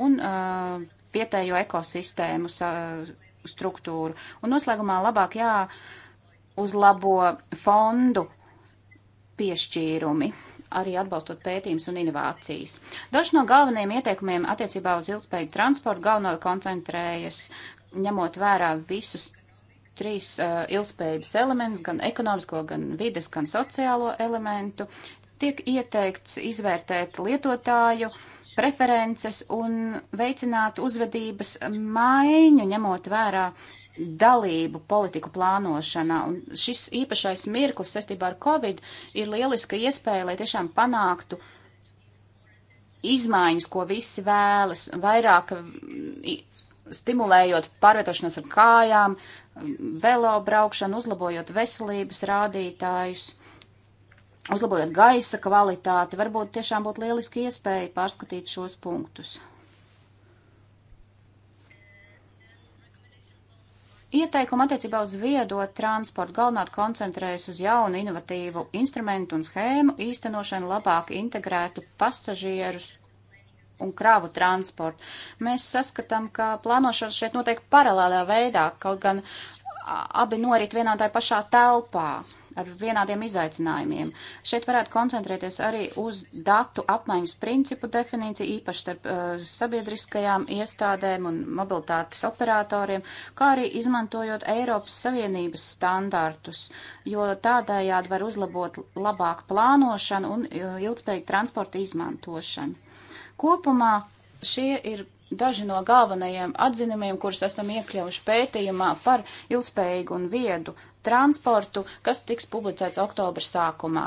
un uh, vietējo ekosistēmu uh, struktūru. Un noslēgumā labāk jāuzlabo fondu piešķīrumi arī atbalstot pētījums un inovācijas. Daži no galvenajiem ieteikumiem attiecībā uz ilgspējīgu transportu galveno koncentrējas, ņemot vērā visus trīs uh, ilgspējības elementus, gan ekonomisko, gan vides, gan sociālo elementu, tiek ieteikts izvērtēt lietotāju preferences un veicināt uzvedības maiņu, ņemot vērā dalību politiku plānošanā. Un šis īpašais mirklis saistībā ar Covid ir lieliska iespēja, lai tiešām panāktu izmaiņas, ko visi vēlas, vairāk stimulējot pārvietošanos ar kājām, velo braukšanu, uzlabojot veselības rādītājus, uzlabojot gaisa kvalitāti. Varbūt tiešām būtu lieliski iespēja pārskatīt šos punktus. Ieteikumi attiecībā uz viedo transportu galvenāt koncentrējas uz jaunu inovatīvu instrumentu un schēmu īstenošanu labāk integrētu pasažierus un kravu transportu. Mēs saskatām, ka plānošana šeit notiek paralēlā veidā, kaut gan abi norit vienā tajā pašā telpā ar vienādiem izaicinājumiem. Šeit varētu koncentrēties arī uz datu apmaiņas principu definīciju, īpaši starp uh, sabiedriskajām iestādēm un mobilitātes operatoriem, kā arī izmantojot Eiropas Savienības standartus, jo tādējādi var uzlabot labāk plānošanu un uh, ilgspējīgu transporta izmantošanu. Kopumā šie ir daži no galvenajiem atzinumiem, kurus esam iekļaujuši pētījumā par ilgspējīgu un viedu transportu, kas tiks publicēts oktobra sākumā.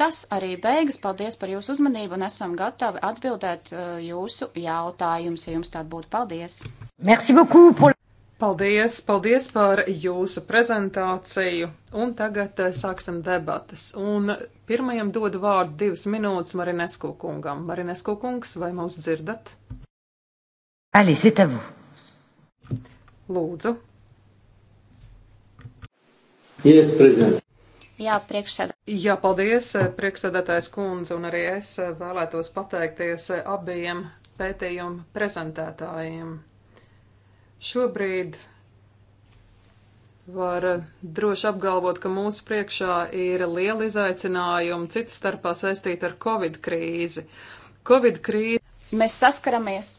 Tas arī beigas. Paldies par jūsu uzmanību un esam gatavi atbildēt eh, jūsu jautājumus, ja jums tādi būtu. Paldies! Merci beaucoup! Pour... Paldies, paldies par jūsu prezentāciju. Un tagad eh, sāksim debatas. Un pirmajam dodu vārdu divas minūtes Marinesku kungam. Marinesku kungs, vai mūs dzirdat? Alice, c'est à vous. Lūdzu. Yes, president. Jā, priekšsēdā. Jā, paldies, eh, priekšsēdētājs kundze, un arī es eh, vēlētos pateikties abiem pētījumu prezentētājiem. Šobrīd var droši apgalvot, ka mūsu priekšā ir liela izaicinājuma, cits starpā saistīta ar Covid krīzi. Covid krīze. Mēs saskaramies.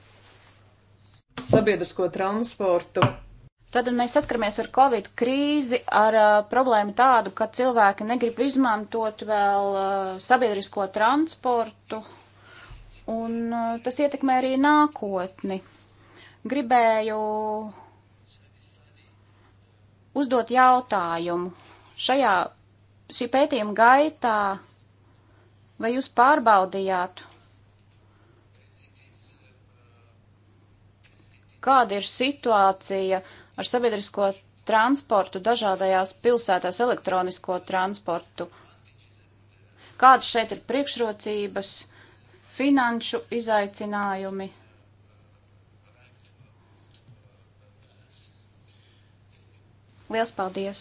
Sabiedrisko transportu. Tātad mēs saskaramies ar Covid krīzi, ar uh, problēmu tādu, ka cilvēki negrib izmantot vēl uh, sabiedrisko transportu, un uh, tas ietekmē arī nākotni gribēju uzdot jautājumu. Šajā šī pētījuma gaitā vai jūs pārbaudījāt, kāda ir situācija ar sabiedrisko transportu dažādajās pilsētās, elektronisko transportu? Kādas šeit ir priekšrocības, finanšu izaicinājumi? Liels paldies!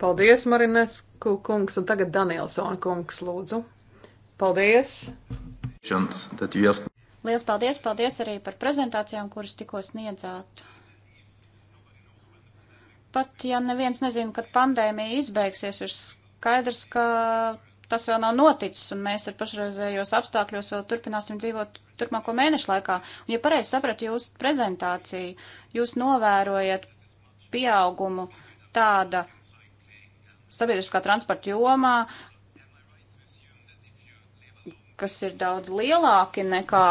Paldies, Marinesku kungs, un tagad Danielsona kungs, lūdzu. Paldies! Liels paldies, paldies arī par prezentācijām, kuras tikko sniedzāt. Pat ja neviens nezina, kad pandēmija izbeigsies, ir skaidrs, ka tas vēl nav noticis, un mēs ar pašreizējos apstākļos vēl turpināsim dzīvot turpmāko mēnešu laikā. Un, ja pareizi sapratu jūsu prezentāciju, jūs novērojat pieaugumu tāda sabiedriskā transporta jomā, kas ir daudz lielāki nekā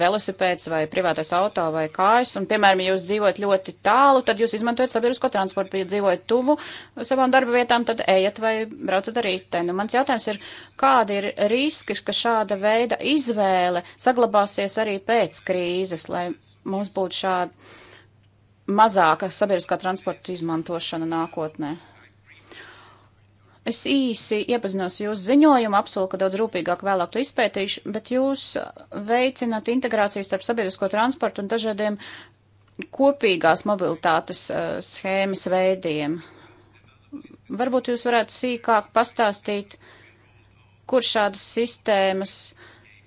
velosipēds vai privātais auto vai kājas. Un, piemēram, ja jūs dzīvojat ļoti tālu, tad jūs izmantojat sabiedrisko transportu, ja dzīvojat tuvu savām darba vietām, tad ejat vai braucat ar riteni. Nu, mans jautājums ir, kādi ir riski, ka šāda veida izvēle saglabāsies arī pēc krīzes, lai mums būtu šāda mazāka sabiedriskā transporta izmantošana nākotnē. Es īsi iepazinos jūsu ziņojumu, apsolu, ka daudz rūpīgāk vēlāk to izpētīšu, bet jūs veicināt integrācijas starp sabiedrisko transportu un dažādiem kopīgās mobilitātes uh, schēmas veidiem. Varbūt jūs varētu sīkāk pastāstīt, kur šādas sistēmas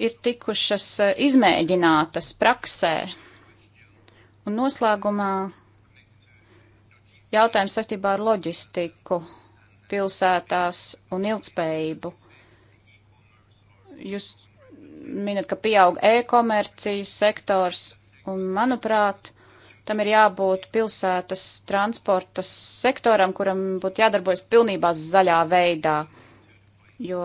ir tikušas uh, izmēģinātas praksē. Un noslēgumā jautājums saistībā ar loģistiku pilsētās un ilgspējību. Jūs minat, ka pieaug e-komercijas sektors, un manuprāt, tam ir jābūt pilsētas transporta sektoram, kuram būtu jādarbojas pilnībā zaļā veidā. Jo,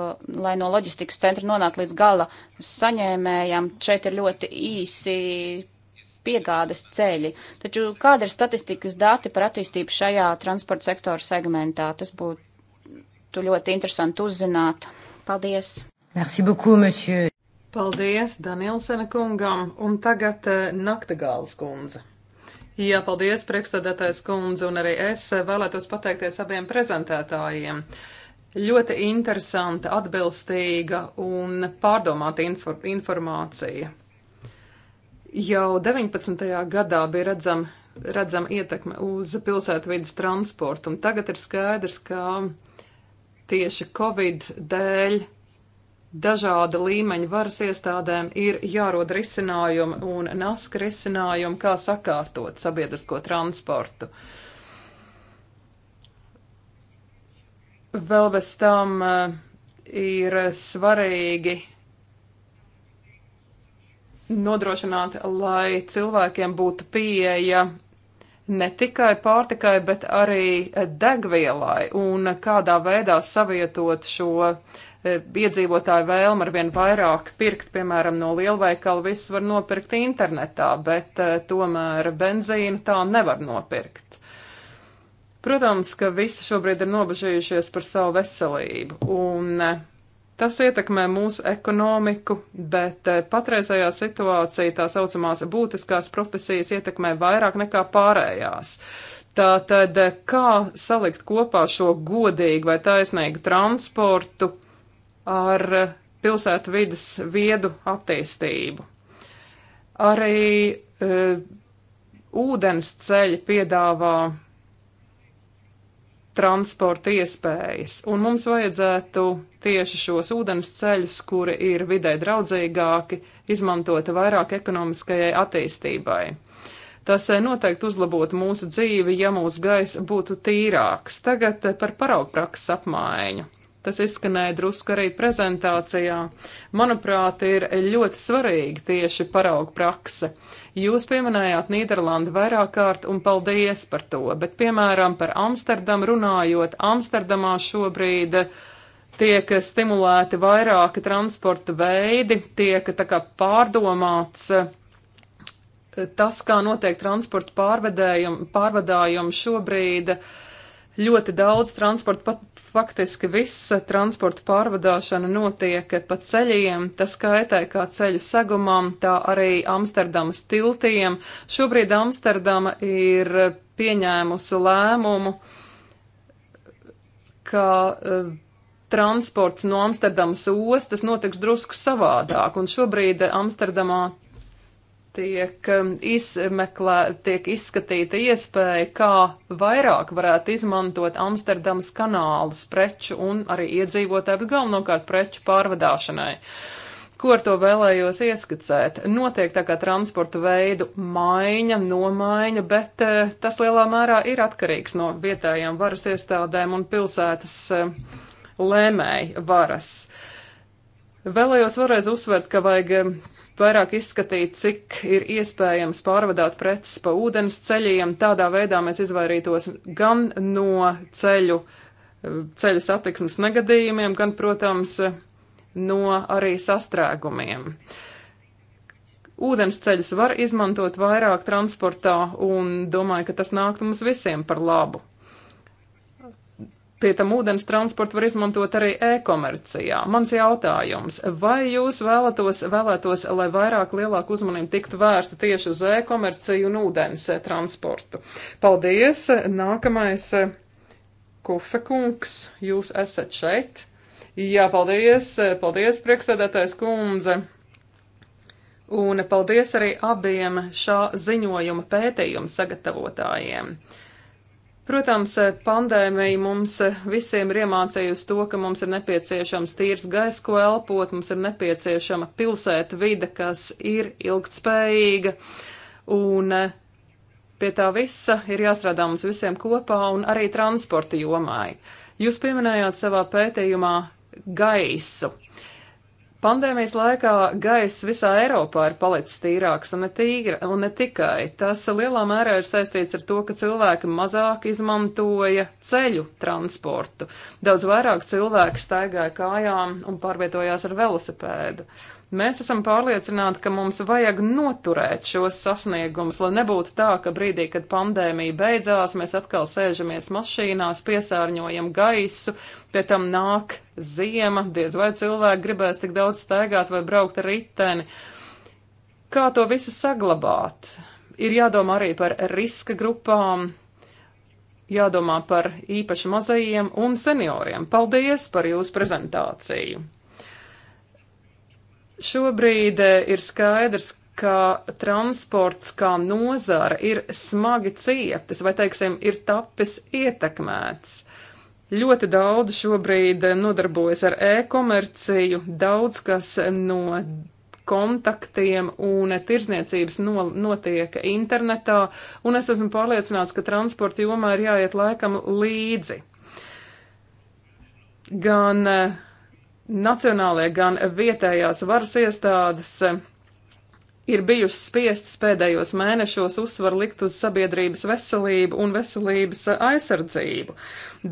lai no loģistikas centra nonāktu līdz gala saņēmējam, šeit ir ļoti īsi piegādes ceļi. Taču kāda ir statistikas dati par attīstību šajā transporta sektora segmentā? Tas būtu ļoti interesanti uzzināt. Paldies! Merci beaucoup, monsieur! Paldies Danielsena kungam un tagad eh, Naktagāls kundze. Jā, paldies, priekšstādātais kundze, un arī es eh, vēlētos pateikties abiem prezentētājiem. Ļoti interesanta, atbilstīga un pārdomāta infor informācija. Jau 19. gadā bija redzama redzam ietekme uz pilsētvidas transportu, un tagad ir skaidrs, ka tieši Covid dēļ dažāda līmeņa varas iestādēm ir jārod risinājumi un naska risinājumi, kā sakārtot sabiedrisko transportu. Vēl bez tam eh, ir svarīgi nodrošināt, lai cilvēkiem būtu pieeja ne tikai pārtikai, bet arī degvielai un kādā veidā savietot šo e, iedzīvotāju vēlmu ar vien vairāk pirkt, piemēram, no lielveikala visus var nopirkt internetā, bet e, tomēr benzīnu tā nevar nopirkt. Protams, ka visi šobrīd ir nobežījušies par savu veselību, un e, Tas ietekmē mūsu ekonomiku, bet eh, patreizējā situācija tā saucamās būtiskās profesijas ietekmē vairāk nekā pārējās. Tātad, eh, kā salikt kopā šo godīgu vai taisnīgu transportu ar eh, pilsētu vidas viedu attīstību? Arī e, ūdens ceļi piedāvā transporta iespējas, un mums vajadzētu tieši šos ūdens ceļus, kuri ir vidē draudzīgāki, izmantot vairāk ekonomiskajai attīstībai. Tas eh, noteikti uzlabotu mūsu dzīvi, ja mūsu gaisa būtu tīrāks. Tagad eh, par paraugprakses apmaiņu. Tas izskanēja drusku arī prezentācijā. Manuprāt, ir ļoti svarīgi tieši parauga prakse. Jūs pieminējāt Nīderlandi vairāk kārt un paldies par to, bet piemēram par Amsterdamu runājot, Amsterdamā šobrīd tiek stimulēti vairāki transporta veidi, tiek tā kā pārdomāts eh, tas, kā notiek transporta pārvadājumi šobrīd. Uh, ļoti daudz transporta, pat faktiski visa transporta pārvadāšana notiek pa ceļiem, tas kaitē kā ceļu segumam, tā arī Amsterdamas tiltiem. Šobrīd Amsterdama ir pieņēmusi lēmumu, ka uh, transports no Amsterdamas ostas notiks drusku savādāk, un šobrīd Amsterdamā tiek, um, izmeklē, tiek izskatīta iespēja, kā vairāk varētu izmantot Amsterdamas kanālus preču un arī iedzīvotāju, bet galvenokārt preču pārvadāšanai. Ko ar to vēlējos ieskicēt? Notiek tā kā transporta veidu maiņa, nomaiņa, bet eh, tas lielā mērā ir atkarīgs no vietējām varas iestādēm un pilsētas eh, lēmēji varas. Vēlējos vēlreiz uzsvert, ka vajag vairāk izskatīt, cik ir iespējams pārvadāt preces pa ūdens ceļiem. Tādā veidā mēs izvairītos gan no ceļu, ceļu satiksmes negadījumiem, gan, protams, no arī sastrēgumiem. Ūdens ceļus var izmantot vairāk transportā un domāju, ka tas nāktu mums visiem par labu. Pie tam ūdens transportu var izmantot arī e-komercijā. Mans jautājums, vai jūs vēlētos, vēlētos lai vairāk lielāku uzmanību tiktu vērsta tieši uz e-komerciju un ūdens e, transportu? Paldies! Nākamais e, Kufekungs, jūs esat šeit. Jā, paldies, e, paldies, priekšsēdētājs kundze. Un paldies arī abiem šā ziņojuma pētījuma sagatavotājiem. Protams, pandēmija mums visiem ir iemācījusi to, ka mums ir nepieciešams tīrs gaiss, ko elpot, mums ir nepieciešama pilsēta vide, kas ir ilgtspējīga, un eh, pie tā visa ir jāstrādā mums visiem kopā un arī transporta jomai. Jūs pieminējāt savā pētījumā gaisu. Pandēmijas laikā gaiss visā Eiropā ir palicis tīrāks un ne, tīra, un ne tikai. Tas lielā mērā ir saistīts ar to, ka cilvēki mazāk izmantoja ceļu transportu. Daudz vairāk cilvēki staigāja kājām un pārvietojās ar velosipēdu. Mēs esam pārliecināti, ka mums vajag noturēt šos sasniegumus, lai nebūtu tā, ka brīdī, kad pandēmija beidzās, mēs atkal sēžamies mašīnās, piesārņojam gaisu, pie tam nāk ziema, diez vai cilvēki gribēs tik daudz staigāt vai braukt ar riteni. Kā to visu saglabāt? Ir jādomā arī par riska grupām, jādomā par īpaši mazajiem un senioriem. Paldies par jūsu prezentāciju! Šobrīd eh, ir skaidrs, ka transports kā nozara ir smagi cietis, vai teiksim, ir tapis ietekmēts. Ļoti daudz šobrīd eh, nodarbojas ar e-komerciju, daudz kas no kontaktiem un tirzniecības no, notiek internetā, un es esmu pārliecināts, ka transporta jomā ir jāiet laikam līdzi. Gan uh, nacionālajie, gan vietējās varas iestādes eh, ir bijusi spiestas pēdējos mēnešos uzsvaru likt uz sabiedrības veselību un veselības eh, aizsardzību.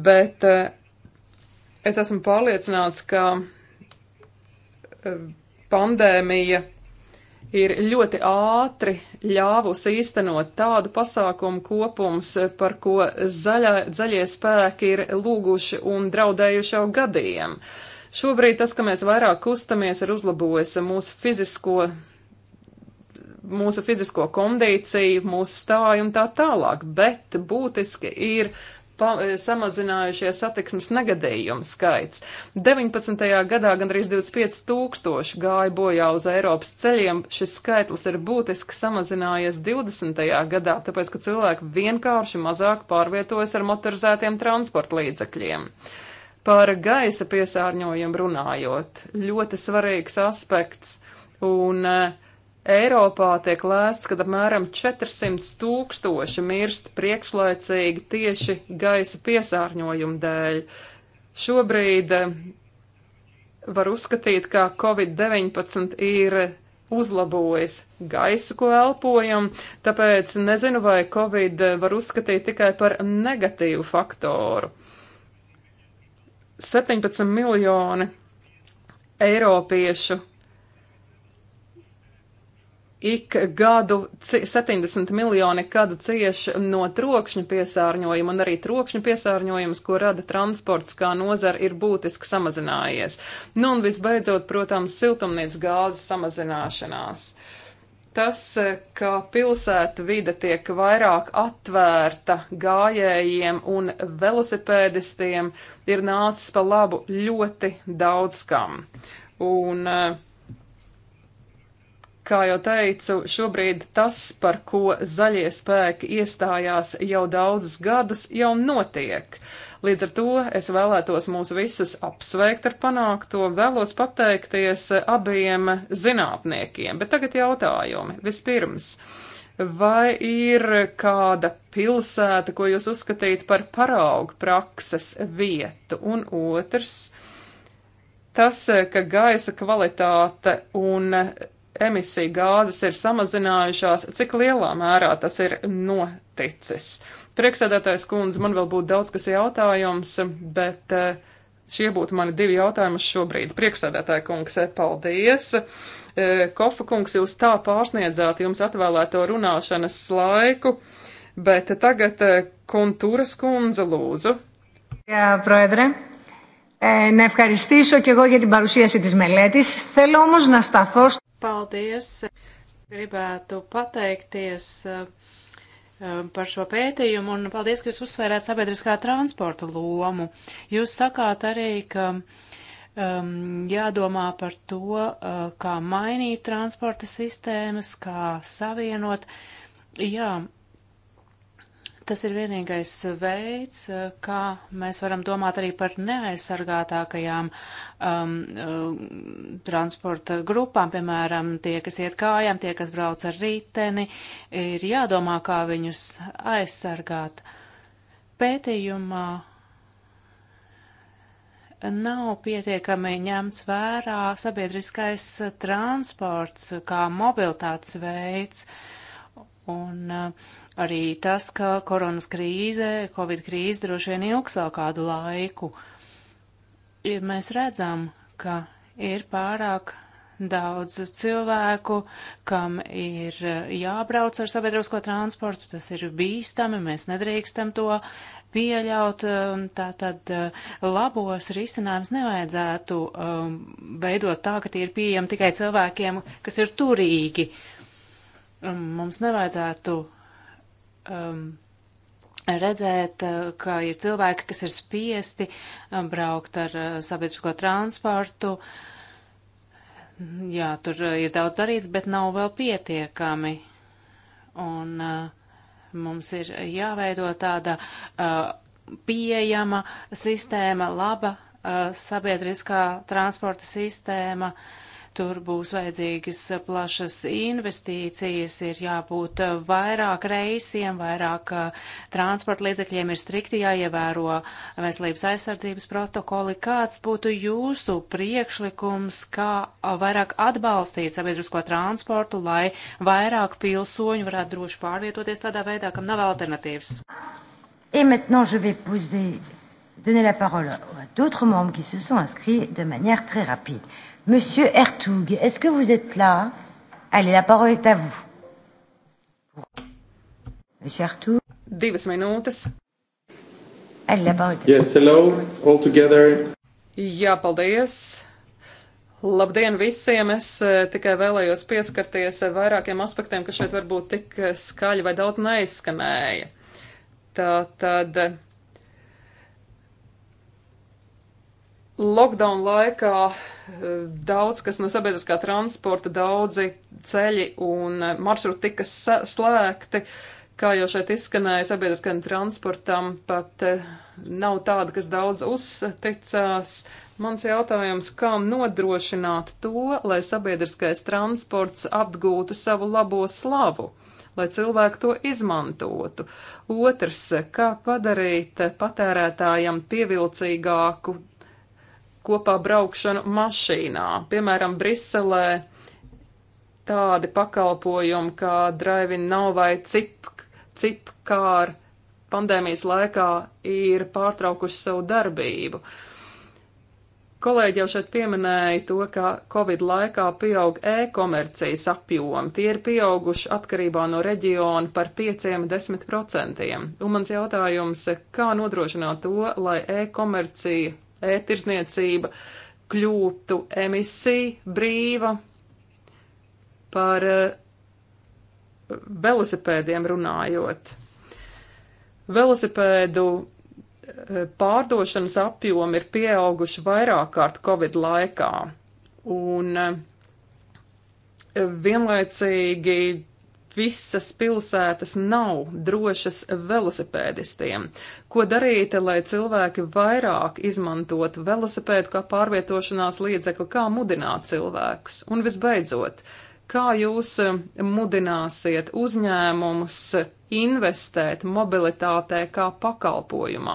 Bet eh, es esmu pārliecināts, ka pandēmija ir ļoti ātri ļāvusi īstenot tādu pasākumu kopums, par ko zaļā, zaļie spēki ir lūguši un draudējuši jau gadiem. Uh, Šobrīd tas, ka mēs vairāk kustamies, ir uzlabojis mūsu fizisko, mūsu fizisko kondīciju, mūsu stāju un tā tālāk, bet būtiski ir pa, samazinājušies satiksmes negadījumu skaits. 19. gadā gandrīz 25 tūkstoši gāja bojā uz Eiropas ceļiem. Šis skaitlis ir būtiski samazinājies 20. gadā, tāpēc, ka cilvēki vienkārši mazāk pārvietojas ar motorizētiem transportlīdzekļiem. līdzekļiem. Par gaisa piesārņojumu runājot, ļoti svarīgs aspekts, un e, Eiropā tiek lēsts, ka apmēram 400 tūkstoši mirst priekšlaicīgi tieši gaisa piesārņojumu dēļ. Šobrīd e, var uzskatīt, ka Covid-19 ir uzlabojis gaisu, ko elpojam, tāpēc nezinu, vai Covid var uzskatīt tikai par negatīvu faktoru. 17 miljoni eiropiešu ik gadu 70 miljoni gadu cieš no trokšņa piesārņojuma, un arī trokšņa piesārņojums, ko rada transports kā nozara, ir būtiski samazinājies. Nu un visbeidzot, protams, siltumnīcas gāzes samazināšanās. Uh, tas, ka pilsēta vide tiek vairāk atvērta gājējiem un velosipēdistiem, ir nācis pa labu ļoti daudz kam. Un uh, Kā jau teicu, šobrīd tas, par ko zaļie spēki iestājās jau daudzus gadus, jau notiek. Līdz ar to es vēlētos mūs visus apsveikt ar panākto, vēlos pateikties abiem zinātniekiem, bet tagad jautājumi. Vispirms, vai ir kāda pilsēta, ko jūs uzskatītu par paraugu prakses vietu? Un otrs, tas, ka gaisa kvalitāte un emisiju gāzes ir samazinājušās, cik lielā mērā tas ir noticis. Priekšsēdētājs kundze, man vēl būtu daudz kas jautājums, bet eh, šie būtu mani divi jautājumi šobrīd. Priekšsēdētāja kungs, eh, paldies! Eh, Kofa kungs, jūs tā pārsniedzāt jums atvēlēto runāšanas laiku, bet tagad kontūras kundze lūdzu. Jā, proedre. Ε, να ευχαριστήσω και εγώ για την παρουσίαση της μελέτης. Θέλω όμως να σταθώ... Paldies! Gribētu pateikties eh, eh, par šo pētījumu un paldies, ka jūs uzsvērāt sabiedriskā transporta lomu. Jūs sakāt arī, ka um, jādomā par to, uh, kā mainīt transporta sistēmas, kā savienot. Jā, Tas ir vienīgais veids, eh, kā mēs varam domāt arī par neaizsargātākajām um, eh, transporta grupām, piemēram, tie, kas iet kājām, tie, kas brauc ar rīteni, ir jādomā, kā viņus aizsargāt. Pētījumā nav pietiekami ņemts vērā sabiedriskais transports kā mobilitātes veids. Uh, Un eh, arī tas, ka koronas krīze, covid krīze droši vien ilgs vēl kādu laiku. Ja mēs redzam, ka ir pārāk daudz cilvēku, kam ir eh, jābrauc ar sabiedrisko transportu, tas ir bīstami, mēs nedrīkstam to pieļaut, eh, tātad labos risinājums nevajadzētu veidot um, tā, ka tie ir pieejami tikai cilvēkiem, kas ir turīgi. Uh, Um, mums nevajadzētu um, redzēt, uh, ka ir cilvēki, kas ir spiesti um, braukt ar uh, sabiedrisko transportu. Jā, tur uh, ir daudz darīts, bet nav vēl pietiekami. Un uh, mums ir jāveido tāda uh, pieejama sistēma, laba uh, sabiedriskā transporta sistēma. Uh, Tur būs vajadzīgas plašas investīcijas, ir jābūt uh, vairāk reisiem, vairāk uh, transporta līdzekļiem, ir strikti jāievēro veselības aizsardzības protokoli. Kāds būtu jūsu priekšlikums, kā uh, vairāk atbalstīt sabiedrisko transportu, lai vairāk pilsoņu varētu droši pārvietoties tādā veidā, kam nav alternatīvas? Et maintenant, je vais poser, donner la parole à d'autres membres qui se sont inscrits de manière très rapide. Monsieur Ertug, est-ce que vous êtes là Allez, la parole est à vous. Monsieur Ertug. Divas minūtes. Allez, la parole est à vous. Yes, hello, all together. Jā, paldies. Labdien visiem! Es eh, tikai vēlējos pieskarties vairākiem aspektiem, kas šeit varbūt tik eh, skaļi vai daudz neizskanēja. Tā tad Lockdown laikā eh, daudz kas no sabiedriskā transporta, daudzi ceļi un eh, maršruti tika slēgti. Kā jau šeit izskanēja, sabiedriskajam transportam pat eh, nav tāda, kas daudz uzticās. Mans jautājums, kā nodrošināt to, lai sabiedriskais transports apgūtu savu labo slavu, lai cilvēki to izmantotu? Otrs, kā padarīt patērētājam pievilcīgāku kopā braukšanu mašīnā. Piemēram, Briselē tādi pakalpojumi kā Driving Now vai Cip, Cipkār pandēmijas laikā ir pārtraukuši savu darbību. Kolēģi jau šeit pieminēja to, ka Covid laikā pieaug e-komercijas apjomi. Tie ir pieauguši atkarībā no reģiona par 5-10%. Un mans jautājums, kā nodrošināt to, lai e-komercija e-tirzniecība kļūtu emisija brīva par e, velosipēdiem runājot. Velosipēdu e, pārdošanas apjomi ir pieauguši vairāk kārt Covid laikā, un e, vienlaicīgi visas pilsētas nav drošas velosipēdistiem. Ko darīt, lai cilvēki vairāk izmantotu velosipēdu kā pārvietošanās līdzekli, kā mudināt cilvēkus? Un visbeidzot, kā jūs mudināsiet uzņēmumus investēt mobilitātē kā pakalpojumā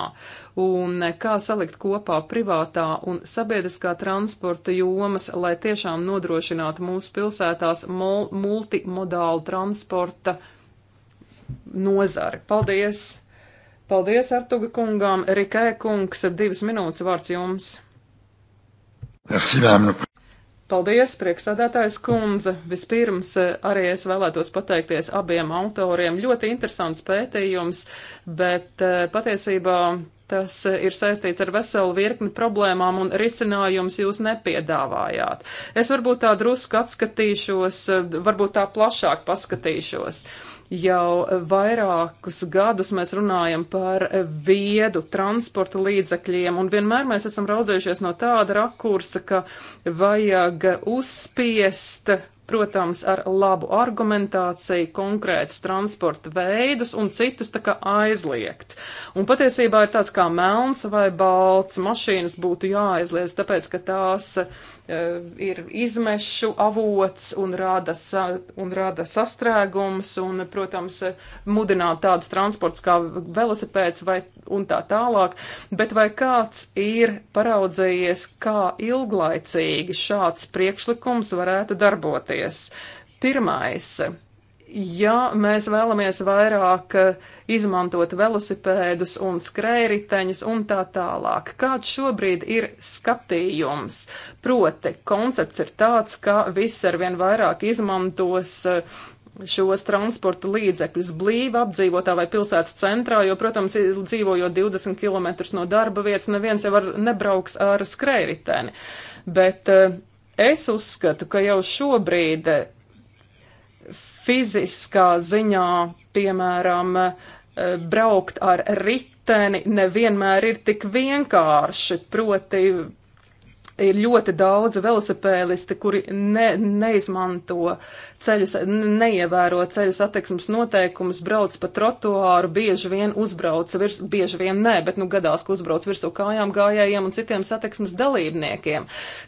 un kā salikt kopā privātā un sabiedriskā transporta jomas, lai tiešām nodrošinātu mūsu pilsētās multimodālu transporta nozari. Paldies! Paldies Artuga kungām, Rikē kungs, divas minūtes vārds jums. Merci, Paldies, priekšsādātājs kundze. Vispirms eh, arī es vēlētos pateikties abiem autoriem. Ļoti interesants pētījums, bet eh, patiesībā tas eh, ir saistīts ar veselu virkni problēmām un risinājums jūs nepiedāvājāt. Es varbūt tā drusku atskatīšos, varbūt tā plašāk paskatīšos. Uh, Jau vairākus gadus mēs runājam par viedu transporta līdzekļiem, un vienmēr mēs esam raudzējušies no tāda rakursa, ka vajag uzspiest protams, ar labu argumentāciju, konkrētus transporta veidus un citus tā kā aizliegt. Un patiesībā ir tāds kā melns vai balts mašīnas būtu jāaizliedz, tāpēc, ka tās Eh, ir izmešu avots un rada, sa, un rada sastrēgums un, protams, mudināt tādus transports kā velosipēds vai un tā tālāk, bet vai kāds ir paraudzējies, kā ilglaicīgi šāds priekšlikums varētu darboties? Pirmais ja mēs vēlamies vairāk eh, izmantot velosipēdus un skrējriteņus un tā tālāk. Kāds šobrīd ir skatījums? Proti, koncepts ir tāds, ka viss arvien vairāk izmantos eh, šos transporta līdzekļus blīvi apdzīvotā vai pilsētas centrā, jo, protams, dzīvojot 20 km no darba vietas, neviens jau ar, nebrauks ar skrējriteni. Bet eh, es uzskatu, ka jau šobrīd fiziskā ziņā, piemēram, eh, braukt ar riteni nevienmēr ir tik vienkārši, proti ir ļoti daudz velosipēlisti, kuri ne, neizmanto ceļus, neievēro ceļu satiksmes noteikumus, brauc pa trotuāru, bieži vien uzbrauc virs, bieži vien nē, bet nu gadās, ka uzbrauc virsū kājām gājējiem un citiem satiksmes dalībniekiem.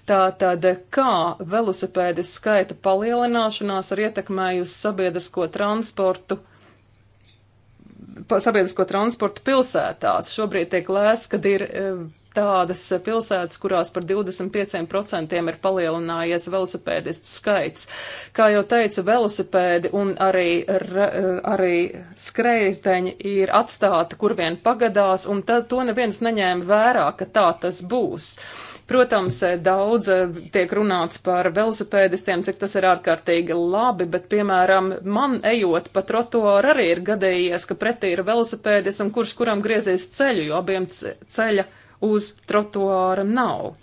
Tātad, kā velosipēdis skaita palielināšanās ir ietekmējusi sabiedrisko transportu? Sabiedrisko transportu pilsētās šobrīd tiek lēsts, kad ir eh, tādas pilsētas, kurās par 25% ir palielinājies velosipēdistu skaits. Kā jau teicu, velosipēdi un arī, r, arī skreiteņi ir atstāti, kur vien pagadās, un tad to neviens neņēma vērā, ka tā tas būs. Protams, daudz eh, tiek runāts par velosipēdistiem, cik tas ir ārkārtīgi labi, bet, piemēram, man ejot pa trotuāru arī ir gadījies, ka pretī ir velosipēdis un kurš kuram griezies ceļu, jo abiem ceļa uz trotuāra nav.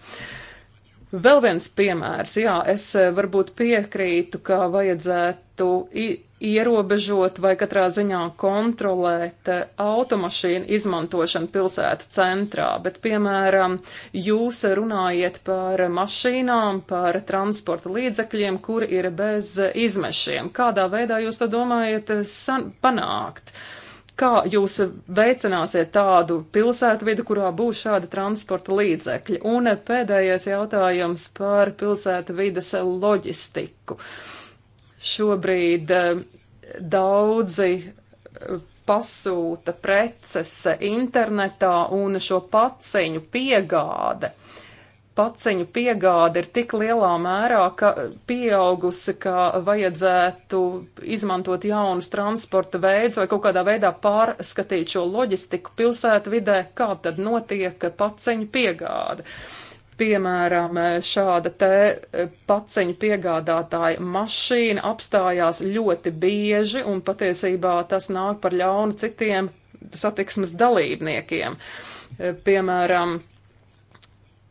Vēl viens piemērs, jā, es eh, varbūt piekrītu, ka vajadzētu ierobežot vai katrā ziņā kontrolēt eh, automašīnu izmantošanu pilsētu centrā, bet, piemēram, jūs runājiet par mašīnām, par transporta līdzekļiem, kur ir bez eh, izmešiem. Kādā veidā jūs to domājat panākt? kā jūs veicināsiet tādu pilsētvidu, kurā būs šādi transporta līdzekļi? Un pēdējais jautājums par pilsētvidas loģistiku. Šobrīd eh, daudzi eh, pasūta preces internetā un šo paciņu piegāde. Uh, paciņu piegāde ir tik lielā mērā ka pieaugusi, ka vajadzētu izmantot jaunus transporta veidus vai kaut kādā veidā pārskatīt šo loģistiku pilsētvidē, kā tad notiek paciņu piegāde. Piemēram, šāda te paciņu piegādātāja mašīna apstājās ļoti bieži un patiesībā tas nāk par ļaunu citiem satiksmes dalībniekiem. Piemēram,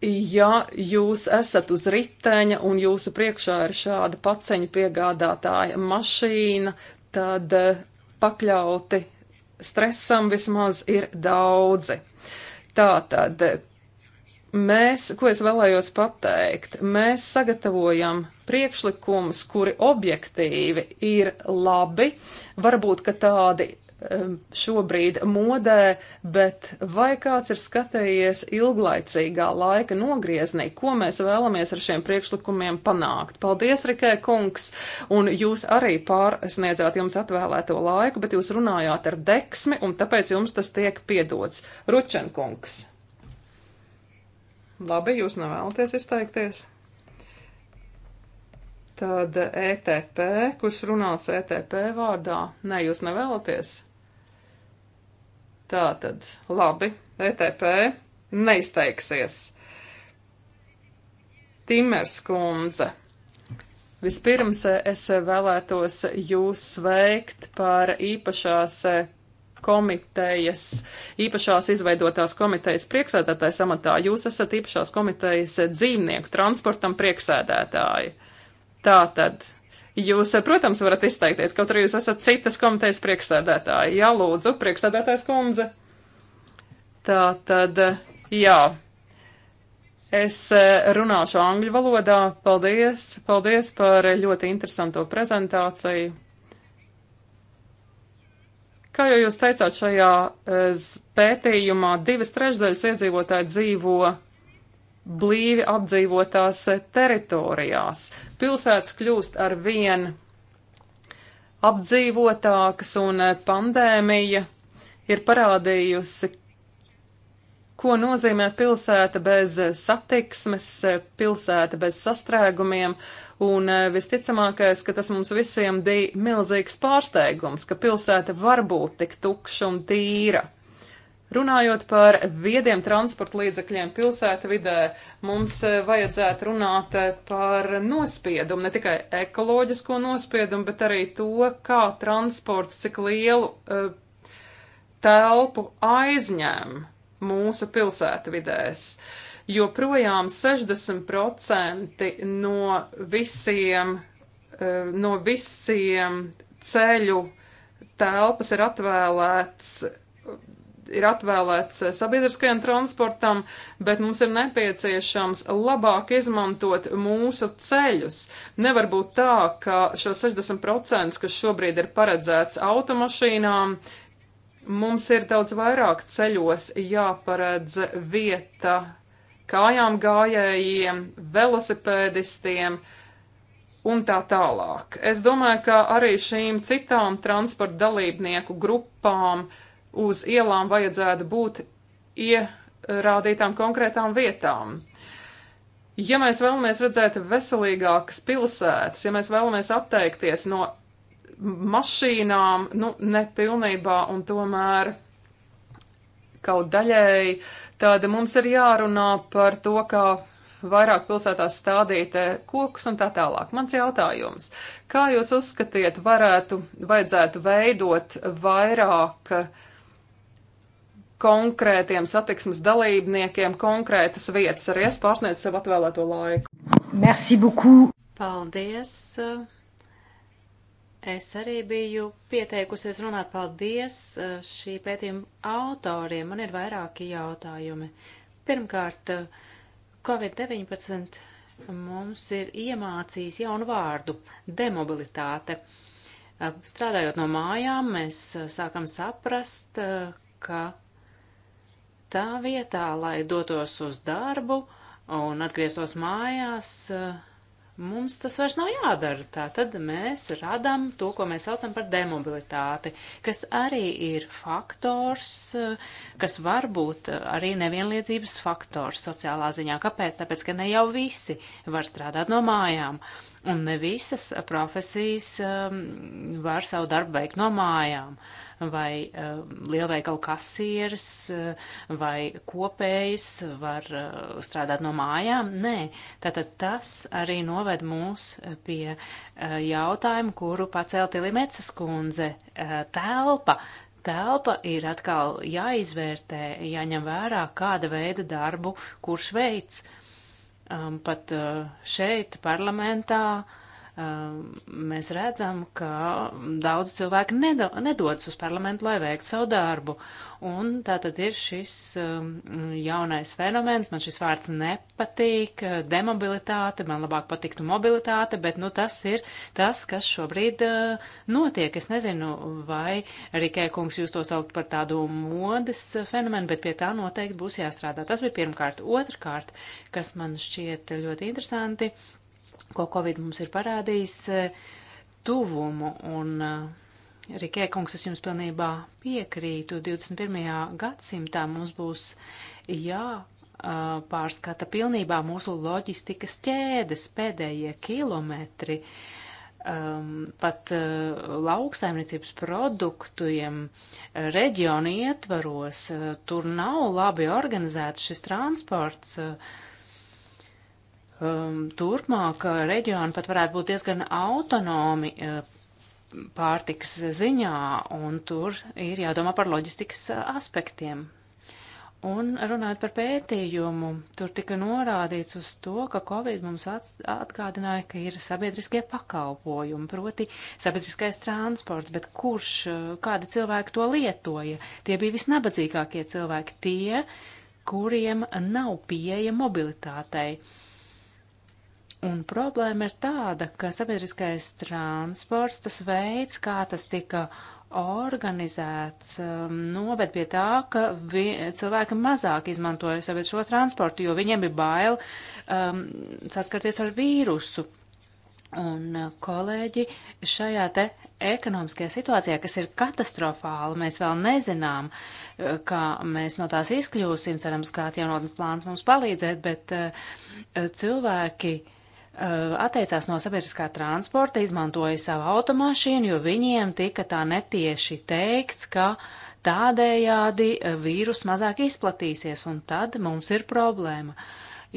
ja jūs esat uz riteņa un jūsu priekšā ir šāda paceņu piegādātāja mašīna, tad eh, pakļauti stresam vismaz ir daudzi. Tātad, mēs, ko es vēlējos pateikt, mēs sagatavojam priekšlikumus, kuri objektīvi ir labi, varbūt, ka tādi Um, šobrīd modē, bet vai kāds ir skatījies ilglaicīgā laika nogrieznī, ko mēs vēlamies ar šiem priekšlikumiem panākt? Paldies, Rikē kungs, un jūs arī pārsniedzāt jums atvēlēto laiku, bet jūs runājāt ar deksmi, un tāpēc jums tas tiek piedots. Ručen kungs. Labi, jūs nevēlaties izteikties. Tad ETP, kurš runās ETP vārdā, ne, jūs nevēlaties? Tātad, labi, ETP neizteiksies. Timers kundze. Vispirms es vēlētos jūs sveikt par īpašās komitejas, īpašās izveidotās komitejas priekšsēdētāja samatā. Jūs esat īpašās komitejas dzīvnieku transportam priekšsēdētāji. Tātad Jūs, eh, protams, varat izteikties, kaut arī jūs esat citas komitejas priekšsēdētāji. Jā, lūdzu, priekšsēdētājs kundze. Tā tad, eh, jā. Es eh, runāšu angļu valodā. Paldies, paldies par ļoti interesanto prezentāciju. Kā jau jūs teicāt, šajā pētījumā divas trešdaļas iedzīvotāji dzīvo blīvi apdzīvotās teritorijās. Pilsētas kļūst ar vien apdzīvotākas un eh, pandēmija ir parādījusi, ko nozīmē pilsēta bez eh, satiksmes, eh, pilsēta bez sastrēgumiem, un visticamākais, ka tas mums visiem bija milzīgs pārsteigums, ka pilsēta var būt tik tukša un tīra. Runājot par viediem transporta līdzekļiem pilsētvidē, mums eh, vajadzētu runāt eh, par nospiedumu, ne tikai ekoloģisko nospiedumu, bet arī to, kā transports, cik lielu uh, telpu aizņem mūsu pilsētvidēs. Joprojām 60% no visiem, uh, no visiem ceļu telpas ir atvēlēts ir atvēlēts sabiedriskajam transportam, bet mums ir nepieciešams labāk izmantot mūsu ceļus. Nevar būt tā, ka šo 60%, kas šobrīd ir paredzēts automašīnām, mums ir daudz vairāk ceļos jāparedz vieta kājām gājējiem, velosipēdistiem, un tā tālāk. Es domāju, ka arī šīm citām transporta dalībnieku grupām uz ielām vajadzētu būt ierādītām konkrētām vietām. Ja mēs vēlamies redzēt veselīgākas pilsētas, ja mēs vēlamies atteikties no mašīnām, nu, nepilnībā un tomēr kaut daļēji, tad mums ir jārunā par to, kā vairāk pilsētās stādīt eh, kokus un tā tālāk. Mans jautājums, kā jūs uzskatiet, varētu, vajadzētu veidot vairāk uh, konkrētiem satiksmes dalībniekiem konkrētas vietas. Arī es pārsniedzu sev atvēlēto laiku. Merci beaucoup! Paldies! Es arī biju pieteikusies runāt paldies eh, šī pētījuma autoriem. Man ir vairāki jautājumi. Pirmkārt, COVID-19 mums ir iemācījis jaunu vārdu - demobilitāte. Eh, strādājot no mājām, mēs eh, sākam saprast, ka Tā vietā, lai dotos uz darbu un atgrieztos mājās, eh, mums tas vairs nav jādara. Tā tad mēs radām to, ko mēs saucam par demobilitāti, kas arī ir faktors, eh, kas var būt arī nevienlīdzības faktors sociālā ziņā. Kāpēc? Tāpēc, ka ne jau visi var strādāt no mājām. Un ne visas profesijas um, var savu darbu veikt no mājām. Uh, vai eh, lielveikalu kasieris eh, vai kopējs var eh, strādāt no mājām. Nē, tātad tas arī noved mūs pie jautājumu, kuru pacēlti Limecas kundze telpa. Telpa ir atkal jāizvērtē, jāņem vērā, kāda veida darbu kurš veids. Um, pat uh, šeit parlamentā uh, Ehm, mēs redzam, ka daudz cilvēku nedo, nedodas uz parlamentu, lai veiktu savu darbu. Un tā tad ir šis ehm, jaunais fenomens, man šis vārds nepatīk, demobilitāte, man labāk patiktu mobilitāte, bet nu tas ir tas, kas šobrīd ehm, notiek. Es nezinu, vai Rikē kungs jūs to saukt par tādu modes fenomenu, bet pie tā noteikti būs jāstrādā. Tas bija pirmkārt. Otrkārt, kas man šķiet ļoti interesanti ko Covid mums ir parādījis, eh, tuvumu. Un, eh, Rikē, kungs, es jums pilnībā piekrītu. 21. gadsimtā mums būs jāpārskata eh, pilnībā mūsu loģistikas ķēdes pēdējie kilometri. Um, pat uh, lauksaimniecības produktiem reģionu ietvaros, uh, tur nav labi organizēts šis transports. Uh, um, turpmāk reģioni pat varētu būt diezgan autonomi uh, pārtikas ziņā, un tur ir jādomā par loģistikas uh, aspektiem. Un runājot par pētījumu, tur tika norādīts uz to, ka Covid mums atgādināja, ka ir sabiedriskie pakalpojumi, proti sabiedriskais transports, bet kurš, uh, kādi cilvēki to lietoja? Tie bija visnabadzīgākie cilvēki, tie, kuriem nav pieeja mobilitātei. Uh, Un problēma ir tāda, ka sabiedriskais transports, tas veids, kā tas tika organizēts, um, noved pie tā, ka vi, cilvēki mazāk izmantoja sabiedrisko transportu, jo viņiem bija bail um, saskarties ar vīrusu. Un, uh, kolēģi, šajā te ekonomiskajā situācijā, kas ir katastrofāla, mēs vēl nezinām, uh, kā mēs no tās izkļūsim, cerams, kā atjaunotnes plāns mums palīdzēt, bet uh, uh cilvēki uh, Eh, atteicās no sabiedriskā transporta, izmantoja savu automašīnu, jo viņiem tika tā netieši teikts, ka tādējādi eh, vīrus mazāk izplatīsies, un tad mums ir problēma,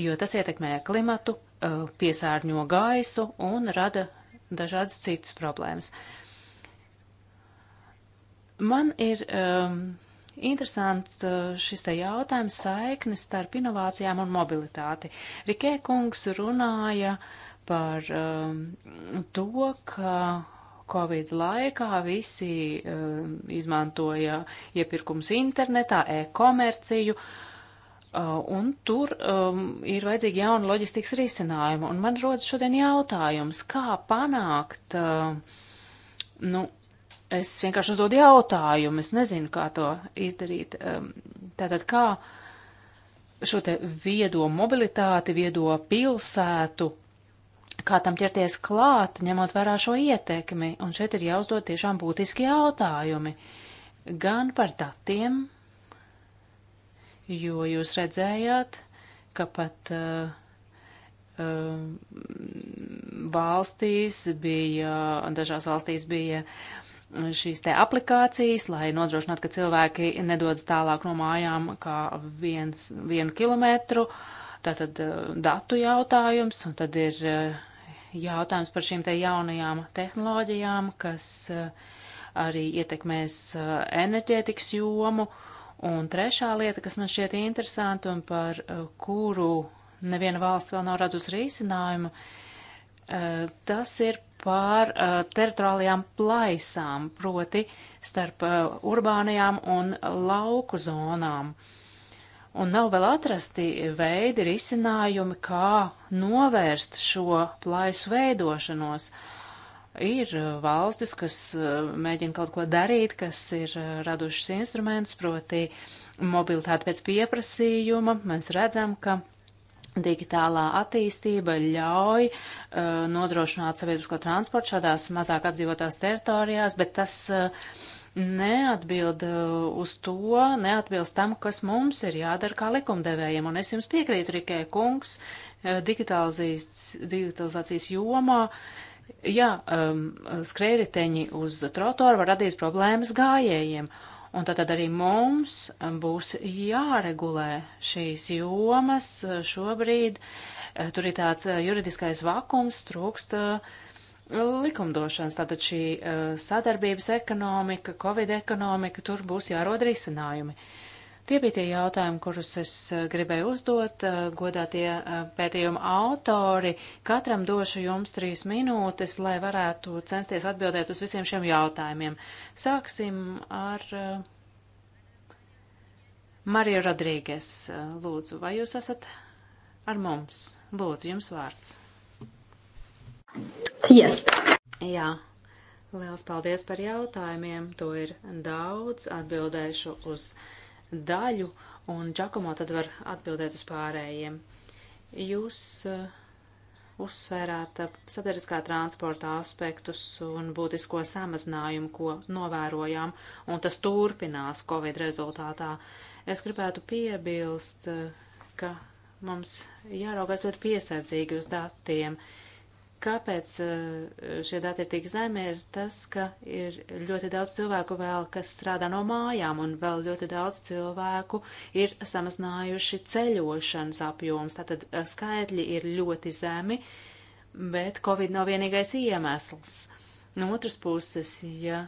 jo tas ietekmē klimatu, eh, piesārņo gaisu un rada dažādas citas problēmas. Man ir um, Interesants uh, šis te jautājums saiknis starp inovācijām un mobilitāti. Rikē kungs runāja par um, to, ka Covid laikā visi um, izmantoja iepirkums internetā, e-komerciju, uh, un tur um, ir vajadzīgi jauni loģistikas risinājumi. Un man rodas šodien jautājums, kā panākt uh, nu, Es vienkārši uzdodu jautājumu, es nezinu, kā to izdarīt. Tātad kā šo te viedo mobilitāti, viedo pilsētu, kā tam ķerties klāt, ņemot vērā šo ietekmi. Un šeit ir jāuzdod tiešām būtiski jautājumi gan par datiem, jo jūs redzējāt, ka pat uh, uh, valstīs bija, dažās valstīs bija uh, šīs te aplikācijas, lai nodrošinātu, ka cilvēki nedodas tālāk no mājām kā viens, vienu kilometru. Tātad eh, datu jautājums, un tad ir eh, jautājums par šīm te jaunajām tehnoloģijām, kas eh, arī ietekmēs enerģētikas jomu. Un trešā lieta, kas man šķiet interesanta un par kuru neviena valsts vēl nav radusi risinājumu, tas ir par uh, teritoriālajām plaisām, proti starp uh, urbānajām un lauku zonām. Un nav vēl atrasti veidi, risinājumi, kā novērst šo plaisu veidošanos. Ir uh, valstis, kas uh, mēģina kaut ko darīt, kas ir uh, radušas instrumentus, proti mobilitāti pēc pieprasījuma. Mēs redzam, ka Digitālā attīstība ļauj uh, nodrošināt sabiedrisko transportu šādās mazāk apdzīvotās teritorijās, bet tas uh, neatbild uh, uz to, neatbilst tam, kas mums ir jādara kā likumdevējiem. Un es jums piekrītu, Rikē kungs, uh, digitalizācijas jomā. Jā, um, skrējriteņi uz trotoru var radīt problēmas gājējiem. Uh, Un tātad arī mums um, būs jāregulē šīs jomas uh, šobrīd. Uh, tur ir tāds uh, juridiskais vakums, trūkst likumdošanas. Tātad šī sadarbības ekonomika, covid ekonomika, tur būs jārod risinājumi. Uh, Tie bija tie jautājumi, kurus es eh, gribēju uzdot. Eh, godātie eh, pētījuma autori, katram došu jums trīs minūtes, lai varētu censties atbildēt uz visiem šiem jautājumiem. Sāksim ar Mariju Rodrīgas. Lūdzu, vai jūs esat ar mums? Lūdzu, jums vārds. Yes. Jā. Liels paldies par jautājumiem. To ir daudz. Atbildēšu uz jautājumiem daļu, un Džakomo tad var atbildēt uz pārējiem. Jūs uh, uzsvērāt uh, eh, sabiedriskā transporta aspektus un būtisko samazinājumu, ko novērojām, un tas turpinās Covid rezultātā. Es gribētu piebilst, uh, ka mums jāraugās ļoti piesardzīgi uz datiem. Uh, Kāpēc eh, šie dati ir tik zemi, ir tas, ka ir ļoti daudz cilvēku vēl, kas strādā no mājām, un vēl ļoti daudz cilvēku ir samazinājuši ceļošanas apjoms. Tātad eh, skaitļi ir ļoti zemi, bet Covid nav vienīgais iemesls. No otras puses, ja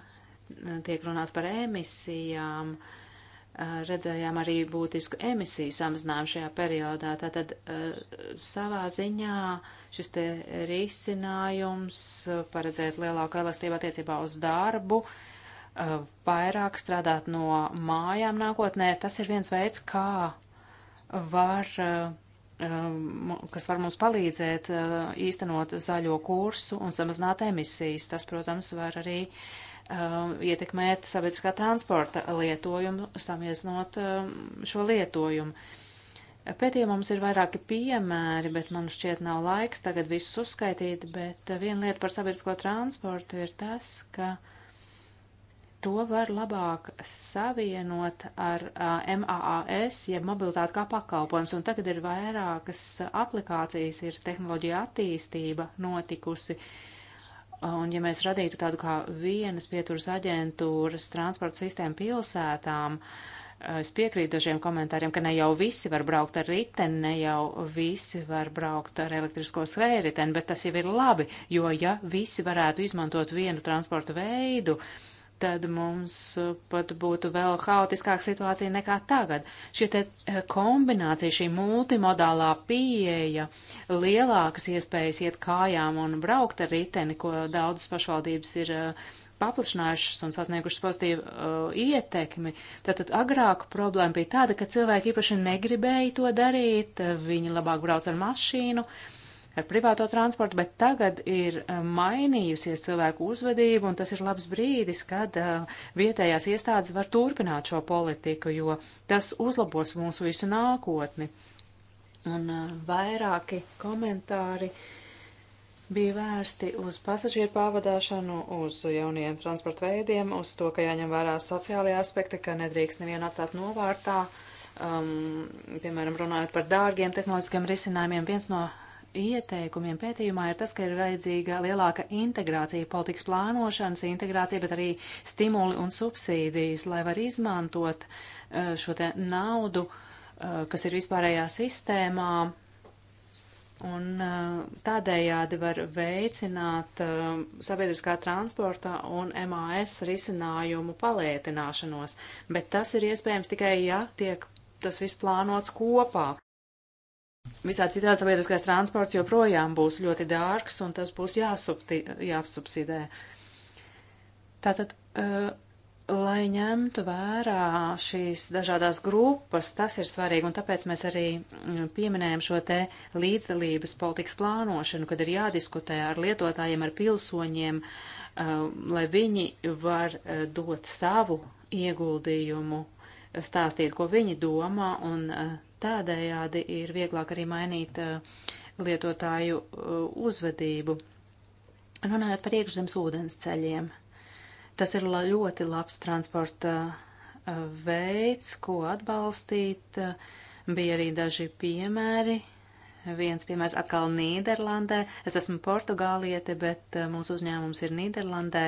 tiek runāts par emisijām, uh, redzējām arī būtisku emisiju samazinājumu šajā periodā. Tātad savā ziņā šis te risinājums paredzēt lielāku elastību attiecībā uz darbu, vairāk strādāt no mājām nākotnē, tas ir viens veids, kā var kas var mums palīdzēt īstenot zaļo kursu un samazināt emisijas. Tas, protams, var arī uh, um, ietekmēt sabiedriskā transporta lietojumu, samieznot um, šo lietojumu. Pētījumā mums ir vairāki piemēri, bet man šķiet nav laiks tagad visus uzskaitīt, bet uh, viena lieta par sabiedrisko transportu ir tas, ka to var labāk savienot ar uh, MAAS, jeb ja mobilitāti kā pakalpojums, un tagad ir vairākas uh, aplikācijas, ir tehnoloģija attīstība notikusi. Uh, Un ja mēs radītu tādu kā vienas pieturas aģentūras transporta sistēmu pilsētām, es piekrītu dažiem komentāriem, ka ne jau visi var braukt ar riteni, ne jau visi var braukt ar elektrisko skrējriteni, bet tas jau ir labi, jo ja visi varētu izmantot vienu transporta veidu, uh, tad mums uh, pat būtu vēl haotiskāka situācija nekā tagad. Šī te eh, kombinācija, šī multimodālā pieeja, lielākas iespējas iet kājām un braukt ar riteni, ko daudzas pašvaldības ir eh, paplašinājušas un sasniegušas pozitīvu uh, ietekmi. Tātad agrāk problēma bija tāda, ka cilvēki īpaši negribēja to darīt, viņi labāk brauc ar mašīnu, uh, ar privāto transportu, bet tagad ir eh, mainījusies cilvēku uzvedība, un tas ir labs brīdis, kad uh, vietējās iestādes var turpināt šo politiku, jo tas uzlabos mūsu visu nākotni. Un uh, vairāki komentāri bija vērsti uz pasažieru pārvadāšanu, uz jaunajiem transporta veidiem, uz to, ka jāņem vērā sociālajā aspekta, ka nedrīkst nevienu atstāt novārtā. Um, piemēram, runājot par dārgiem tehnoloģiskiem risinājumiem, viens no ieteikumiem pētījumā ir tas, ka ir vajadzīga lielāka integrācija, politikas plānošanas integrācija, bet arī stimuli un subsīdijas, lai var izmantot eh, šo te naudu, eh, kas ir vispārējā sistēmā, un eh, tādējādi var veicināt sabiedriskā transporta un MAS risinājumu palietināšanos, bet tas ir iespējams tikai, ja tiek tas viss plānots kopā. Visā citā sabiedriskais transports joprojām būs ļoti dārgs, un tas būs jāsubti, jāsubsidē. Tātad, uh, lai ņemtu vērā šīs dažādās grupas, tas ir svarīgi, un tāpēc mēs arī mm, pieminējam šo te līdzdalības politikas plānošanu, kad ir jādiskutē ar lietotājiem, ar pilsoņiem, uh, lai viņi var uh, dot savu ieguldījumu, stāstīt, ko viņi domā, un tādējādi ir vieglāk arī mainīt uh, lietotāju uh, uzvedību. Runājot par iekšzemes ūdens ceļiem, tas ir la, ļoti labs transporta uh, veids, ko atbalstīt. Bija arī daži piemēri. Viens piemērs atkal Nīderlandē. Es esmu portugāliete, bet mūsu uzņēmums ir Nīderlandē,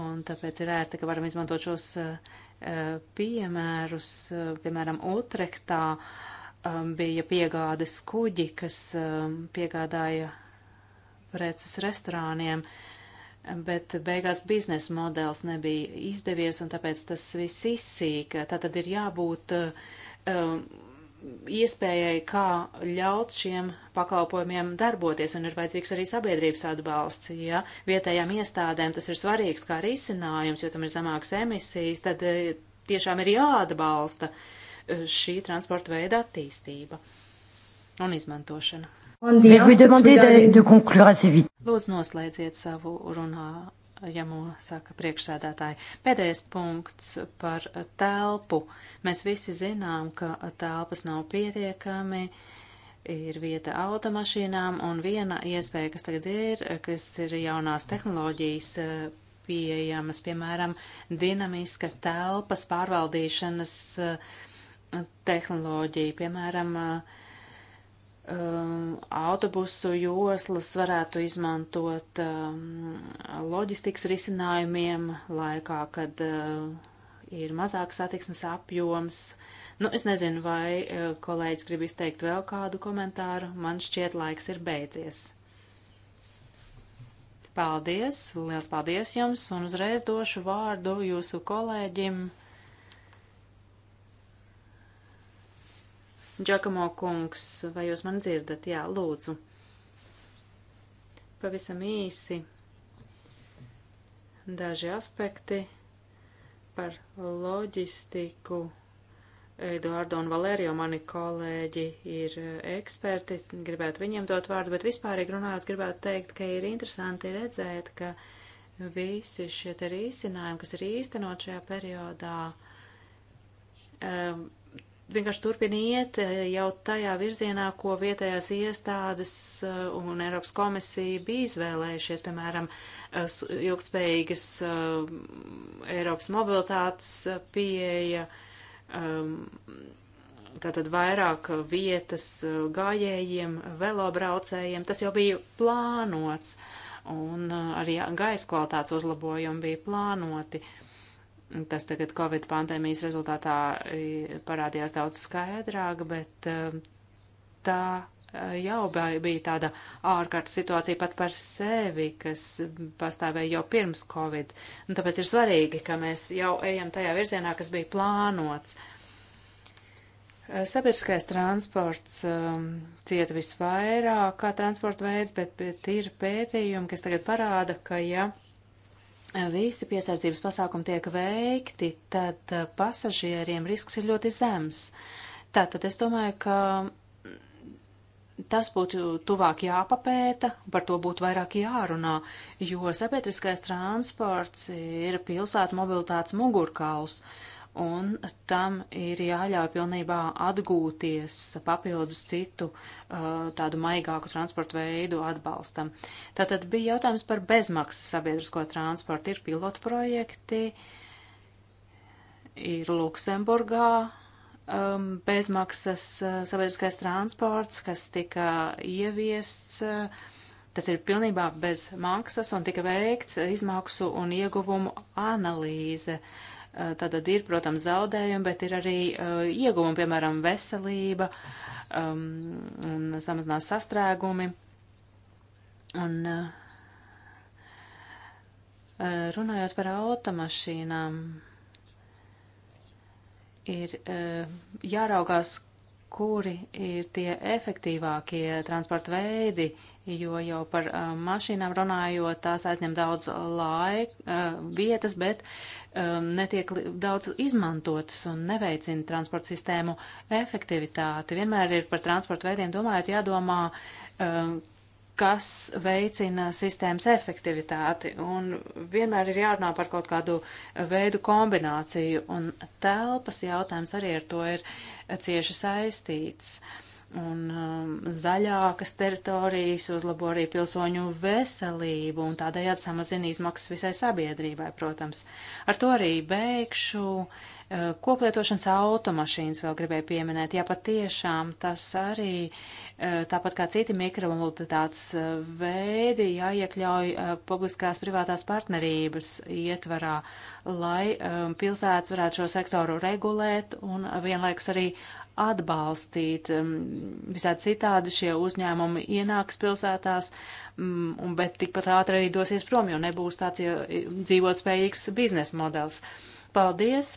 un tāpēc ir ērti, ka varam izmantot šos uh, Eh, piemērus. Eh, piemēram, Utrektā eh, bija piegādes kuģi, kas piegādāja preces restorāniem, bet beigās biznesa modelis nebija izdevies, un tāpēc tas viss izsīka. Tātad ir jābūt iespējai, kā ļaut šiem pakalpojumiem darboties, un ir vajadzīgs arī sabiedrības atbalsts. Ja vietējām iestādēm tas ir svarīgs kā risinājums, jo tam ir zemākas emisijas, tad e, tiešām ir jāatbalsta e, šī transporta veida attīstība un izmantošana. Lūdzu, noslēdziet savu runā, jamo ja saka priekšsēdētāji. Pēdējais punkts par telpu. Mēs visi zinām, ka telpas nav pietiekami, ir vieta automašīnām, un viena iespēja, kas tagad ir, kas ir jaunās tehnoloģijas eh, pieejamas, piemēram, dinamiska telpas pārvaldīšanas eh, tehnoloģija, piemēram, uh, um, autobusu joslas varētu izmantot um, loģistikas risinājumiem laikā, kad uh, ir mazāks satiksmes apjoms. Nu, es nezinu, vai uh, kolēģis grib izteikt vēl kādu komentāru. Man šķiet, laiks ir beidzies. Paldies, liels paldies jums, un uzreiz došu vārdu jūsu kolēģim Džakamo kungs, vai jūs man dzirdat? Jā, lūdzu. Pavisam īsi daži aspekti par loģistiku. Eduardo un Valērijo, mani kolēģi, ir e, eksperti, gribētu viņiem dot vārdu, bet vispārīgi runājot, gribētu teikt, ka ir interesanti redzēt, ka visi šie te risinājumi, kas ir īstenot šajā periodā, um, vienkārši turpina iet e, jau tajā virzienā, ko vietējās iestādes e, un Eiropas komisija bija izvēlējušies, piemēram, e, ilgspējīgas Eiropas mobilitātes pieeja, tātad vairāk vietas gājējiem, velobraucējiem. Tas jau bija plānots, un arī gaisa kvalitātes uzlabojumi bija plānoti. Uh, Tas tagad Covid pandēmijas rezultātā e, parādījās daudz skaidrāk, bet e, tā e, jau bija tāda ārkārtas situācija pat par sevi, kas pastāvēja jau pirms Covid. Un tāpēc ir svarīgi, ka mēs jau ejam tajā virzienā, kas bija plānots. Sabiedriskais transports um, cieta visvairāk kā transporta veids, bet, bet ir pētījumi, kas tagad parāda, ka ja visi piesardzības pasākumi tiek veikti, tad eh, pasažieriem risks ir ļoti zems. Tātad es domāju, ka mm, tas būtu tuvāk jāpapēta, par to būtu vairāk jārunā, jo sabiedriskais transports ir pilsētu mobilitātes mugurkauls. Uh, un tam ir jāļauj pilnībā atgūties papildus citu uh, tādu maigāku transportu veidu atbalstam. Tātad bija jautājums par bezmaksas sabiedrisko transportu. Ir pilotu projekti, ir Luksemburgā um, bezmaksas uh, sabiedriskais transports, kas tika ieviests. Uh, tas ir pilnībā bez maksas un tika veikts izmaksu un ieguvumu analīze. Uh, Eh, tātad ir, protams, zaudējumi, bet ir arī eh, ieguvumi, piemēram, veselība um, un samazinās sastrēgumi. Un eh, runājot par automašīnām, ir jāraugās, kuri ir tie efektīvākie transporta veidi, jo jau par uh, mašīnām runājot, tās aizņem daudz laika, uh, vietas, bet uh, netiek daudz izmantotas un neveicina transporta sistēmu efektivitāti. Vienmēr ir par transporta veidiem domājot jādomā, uh, kas veicina sistēmas efektivitāti, un vienmēr ir jārunā par kaut kādu veidu kombināciju, un telpas jautājums arī ar to ir. Uh, cieši saistīts. Un um, zaļākas teritorijas uzlabo arī pilsoņu veselību un tādējādi samazina izmaksas visai sabiedrībai, protams. Ar to arī beigšu. Uh, Eh, koplietošanas automašīnas vēl gribēju pieminēt. Jā, pat tiešām tas arī, eh, tāpat kā citi mikromobilitātes eh, veidi, jāiekļauj publiskās privātās partnerības ietvarā, lai pilsētas varētu šo sektoru regulēt un vienlaikus arī atbalstīt. Mm, visādi citādi šie uzņēmumi ienāks pilsētās, mm, bet tikpat ātri arī dosies prom, jo nebūs tāds dzīvotspējīgs biznesa modelis. Paldies!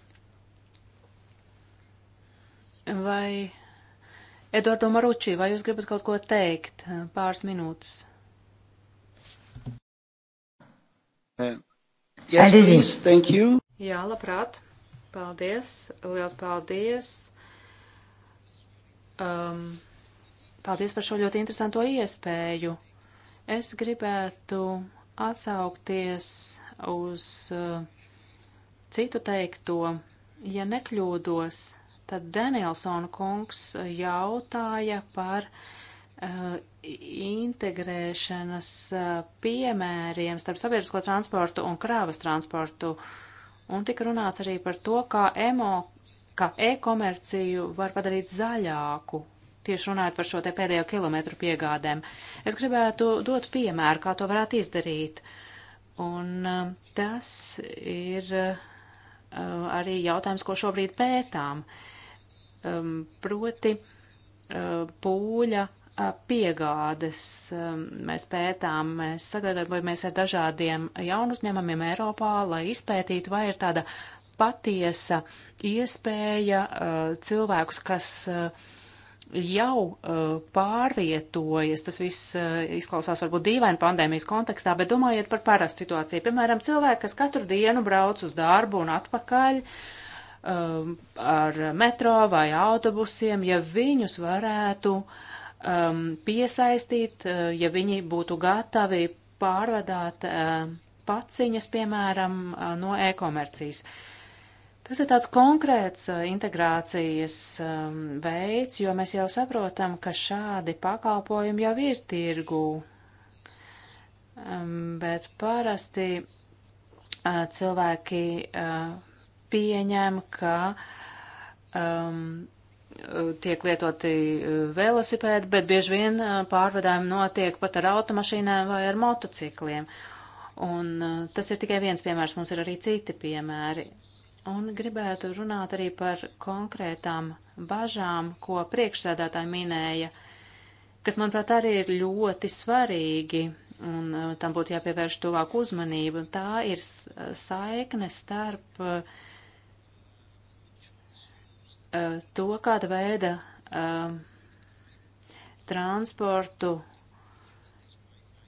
Vai Eduardo Maruči, vai jūs gribat kaut ko teikt? Pāris minūtes. Uh, yes, please, thank you. Jā, labprāt. Paldies. Liels paldies. Um, paldies par šo ļoti interesanto iespēju. Es gribētu atsaukties uz uh, citu teikto, ja nekļūdos Tad Danielsona kungs jautāja par uh, integrēšanas uh, piemēriem starp sabiedrisko transportu un krāvas transportu. Un tika runāts arī par to, kā emo, kā e-komerciju var padarīt zaļāku tieši runājot par šo te pēdējo kilometru piegādēm. Es gribētu dot piemēru, kā to varētu izdarīt. Un eh, tas ir arī jautājums, ko šobrīd pētām. Uh, um, proti uh, pūļa uh, piegādes. Um, mēs pētām, mēs sadarbojamies ar dažādiem jaunu uzņēmumiem Eiropā, lai izpētītu, vai ir tāda patiesa iespēja uh, cilvēkus, kas uh, jau uh, pārvietojas. Tas viss uh, izklausās varbūt dīvaini pandēmijas kontekstā, bet domājiet par parastu situāciju. Piemēram, cilvēki, kas katru dienu brauc uz darbu un atpakaļ, um, ar metro vai autobusiem, ja viņus varētu um, piesaistīt, uh, ja viņi būtu gatavi pārvadāt um, paciņas, piemēram, uh, no e-komercijas. Tas ir tāds konkrēts uh, integrācijas um, veids, jo mēs jau saprotam, ka šādi pakalpojumi jau ir tirgū, um, bet parasti cilvēki pieņem, ka um, tiek lietoti uh, velosipēdi, bet bieži vien uh, pārvadājumi notiek pat ar automašīnām vai ar motocikliem. Un uh, tas ir tikai viens piemērs, mums ir arī citi piemēri. Un gribētu runāt arī par konkrētām bažām, ko priekšsēdētāji minēja, kas, manuprāt, arī ir ļoti svarīgi, un uh, tam būtu jāpievērš tuvāk uzmanību. Tā ir saikne starp uh, Eh, to, kāda veida eh, transportu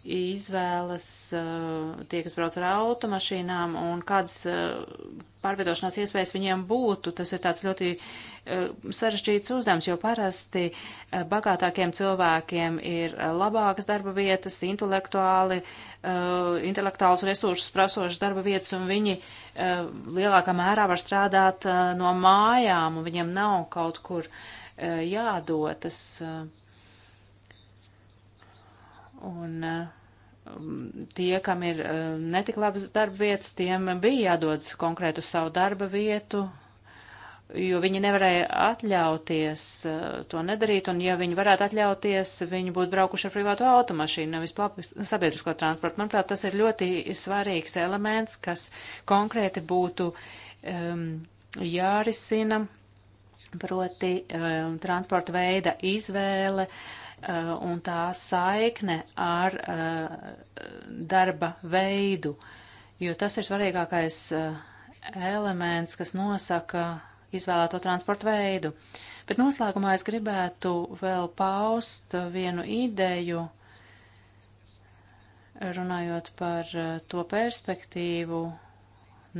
izvēlas eh, tie, kas brauc ar automašīnām un kādas eh, pārvietošanās iespējas viņiem būtu. Tas ir tāds ļoti eh, sarežģīts uzdevums, jo parasti bagātākiem cilvēkiem ir labākas darba vietas, intelektuāli, intelektuāls resursus prasošas darba vietas, un viņi lielākā mērā var strādāt no mājām, un viņiem nav kaut kur jādotas. Tas Un um, tie, kam ir um, netik labas darba vietas, tiem bija jādodas konkrēt uz savu darba vietu, jo viņi nevarēja atļauties uh, to nedarīt, un ja viņi varētu atļauties, viņi būtu braukuši ar privātu automašīnu, nevis sabiedrisko transportu. Manuprāt, tas ir ļoti svarīgs elements, kas konkrēti būtu um, jārisina, proti um, transporta veida izvēle, uh, Uh, un tā saikne ar uh, darba veidu, jo tas ir svarīgākais uh, elements, kas nosaka izvēlēto transportu veidu. Bet noslēgumā es gribētu vēl paust vienu ideju, runājot par to perspektīvu,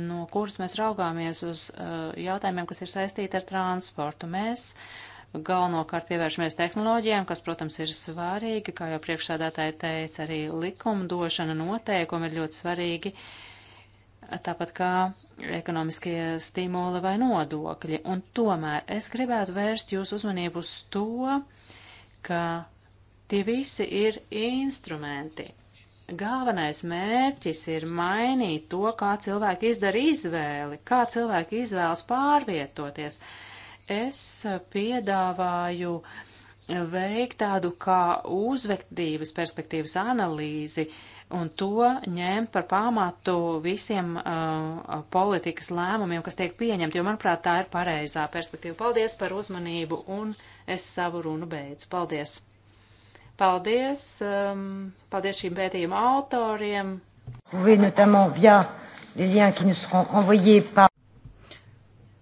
no kuras mēs raugāmies uz jautājumiem, kas ir saistīti ar transportu. Mēs galvenokārt pievēršamies tehnoloģijām, kas, protams, ir svarīgi, kā jau priekšsādātāji teica, arī likumdošana noteikumi ir ļoti svarīgi, tāpat kā ekonomiskie stimuli vai nodokļi. Un tomēr es gribētu vērst jūsu uzmanību uz to, ka tie visi ir instrumenti. Galvenais mērķis ir mainīt to, kā cilvēki izdara izvēli, kā cilvēki izvēlas pārvietoties. Uh, Es piedāvāju veikt tādu kā uzvedības perspektīvas analīzi un to ņemt par pamatu visiem uh, politikas lēmumiem, kas tiek pieņemti, jo, manuprāt, tā ir pareizā perspektīva. Paldies par uzmanību un es savu runu beidzu. Paldies! Paldies! Um, paldies šīm pētījuma autoriem! Pouvez notamment via les liens qui nous seront envoyés par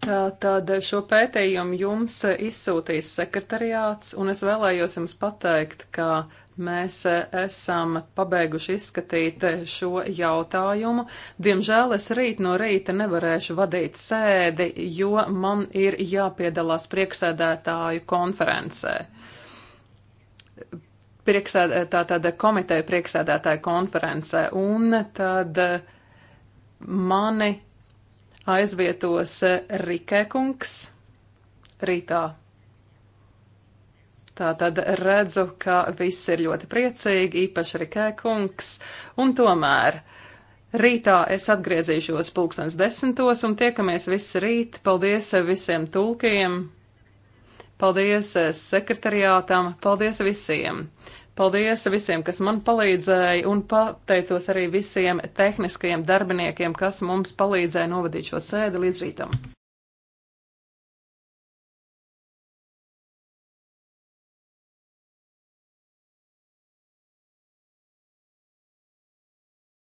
Tātad šo pētījumu jums izsūtīs sekretariāts, un es vēlējos jums pateikt, ka mēs esam pabeiguši izskatīt šo jautājumu. Diemžēl es rīt no rīta nevarēšu vadīt sēdi, jo man ir jāpiedalās prieksēdētāju konferencē. Prieksēd, tātad komiteja prieksēdētāju konferencē, un tad mani aizvietos eh, Rikēkungs rītā. Tātad redzu, ka viss ir ļoti priecīgi, īpaši Rikēkungs, un tomēr. Rītā es atgriezīšos pulkstens desmitos un tiekamies visi rīt. Paldies visiem tulkiem, paldies sekretariātam, paldies visiem! Paldies visiem, kas man palīdzēja, un pateicos arī visiem tehniskajiem darbiniekiem, kas mums palīdzēja novadīt šo sēdi līdz rītam.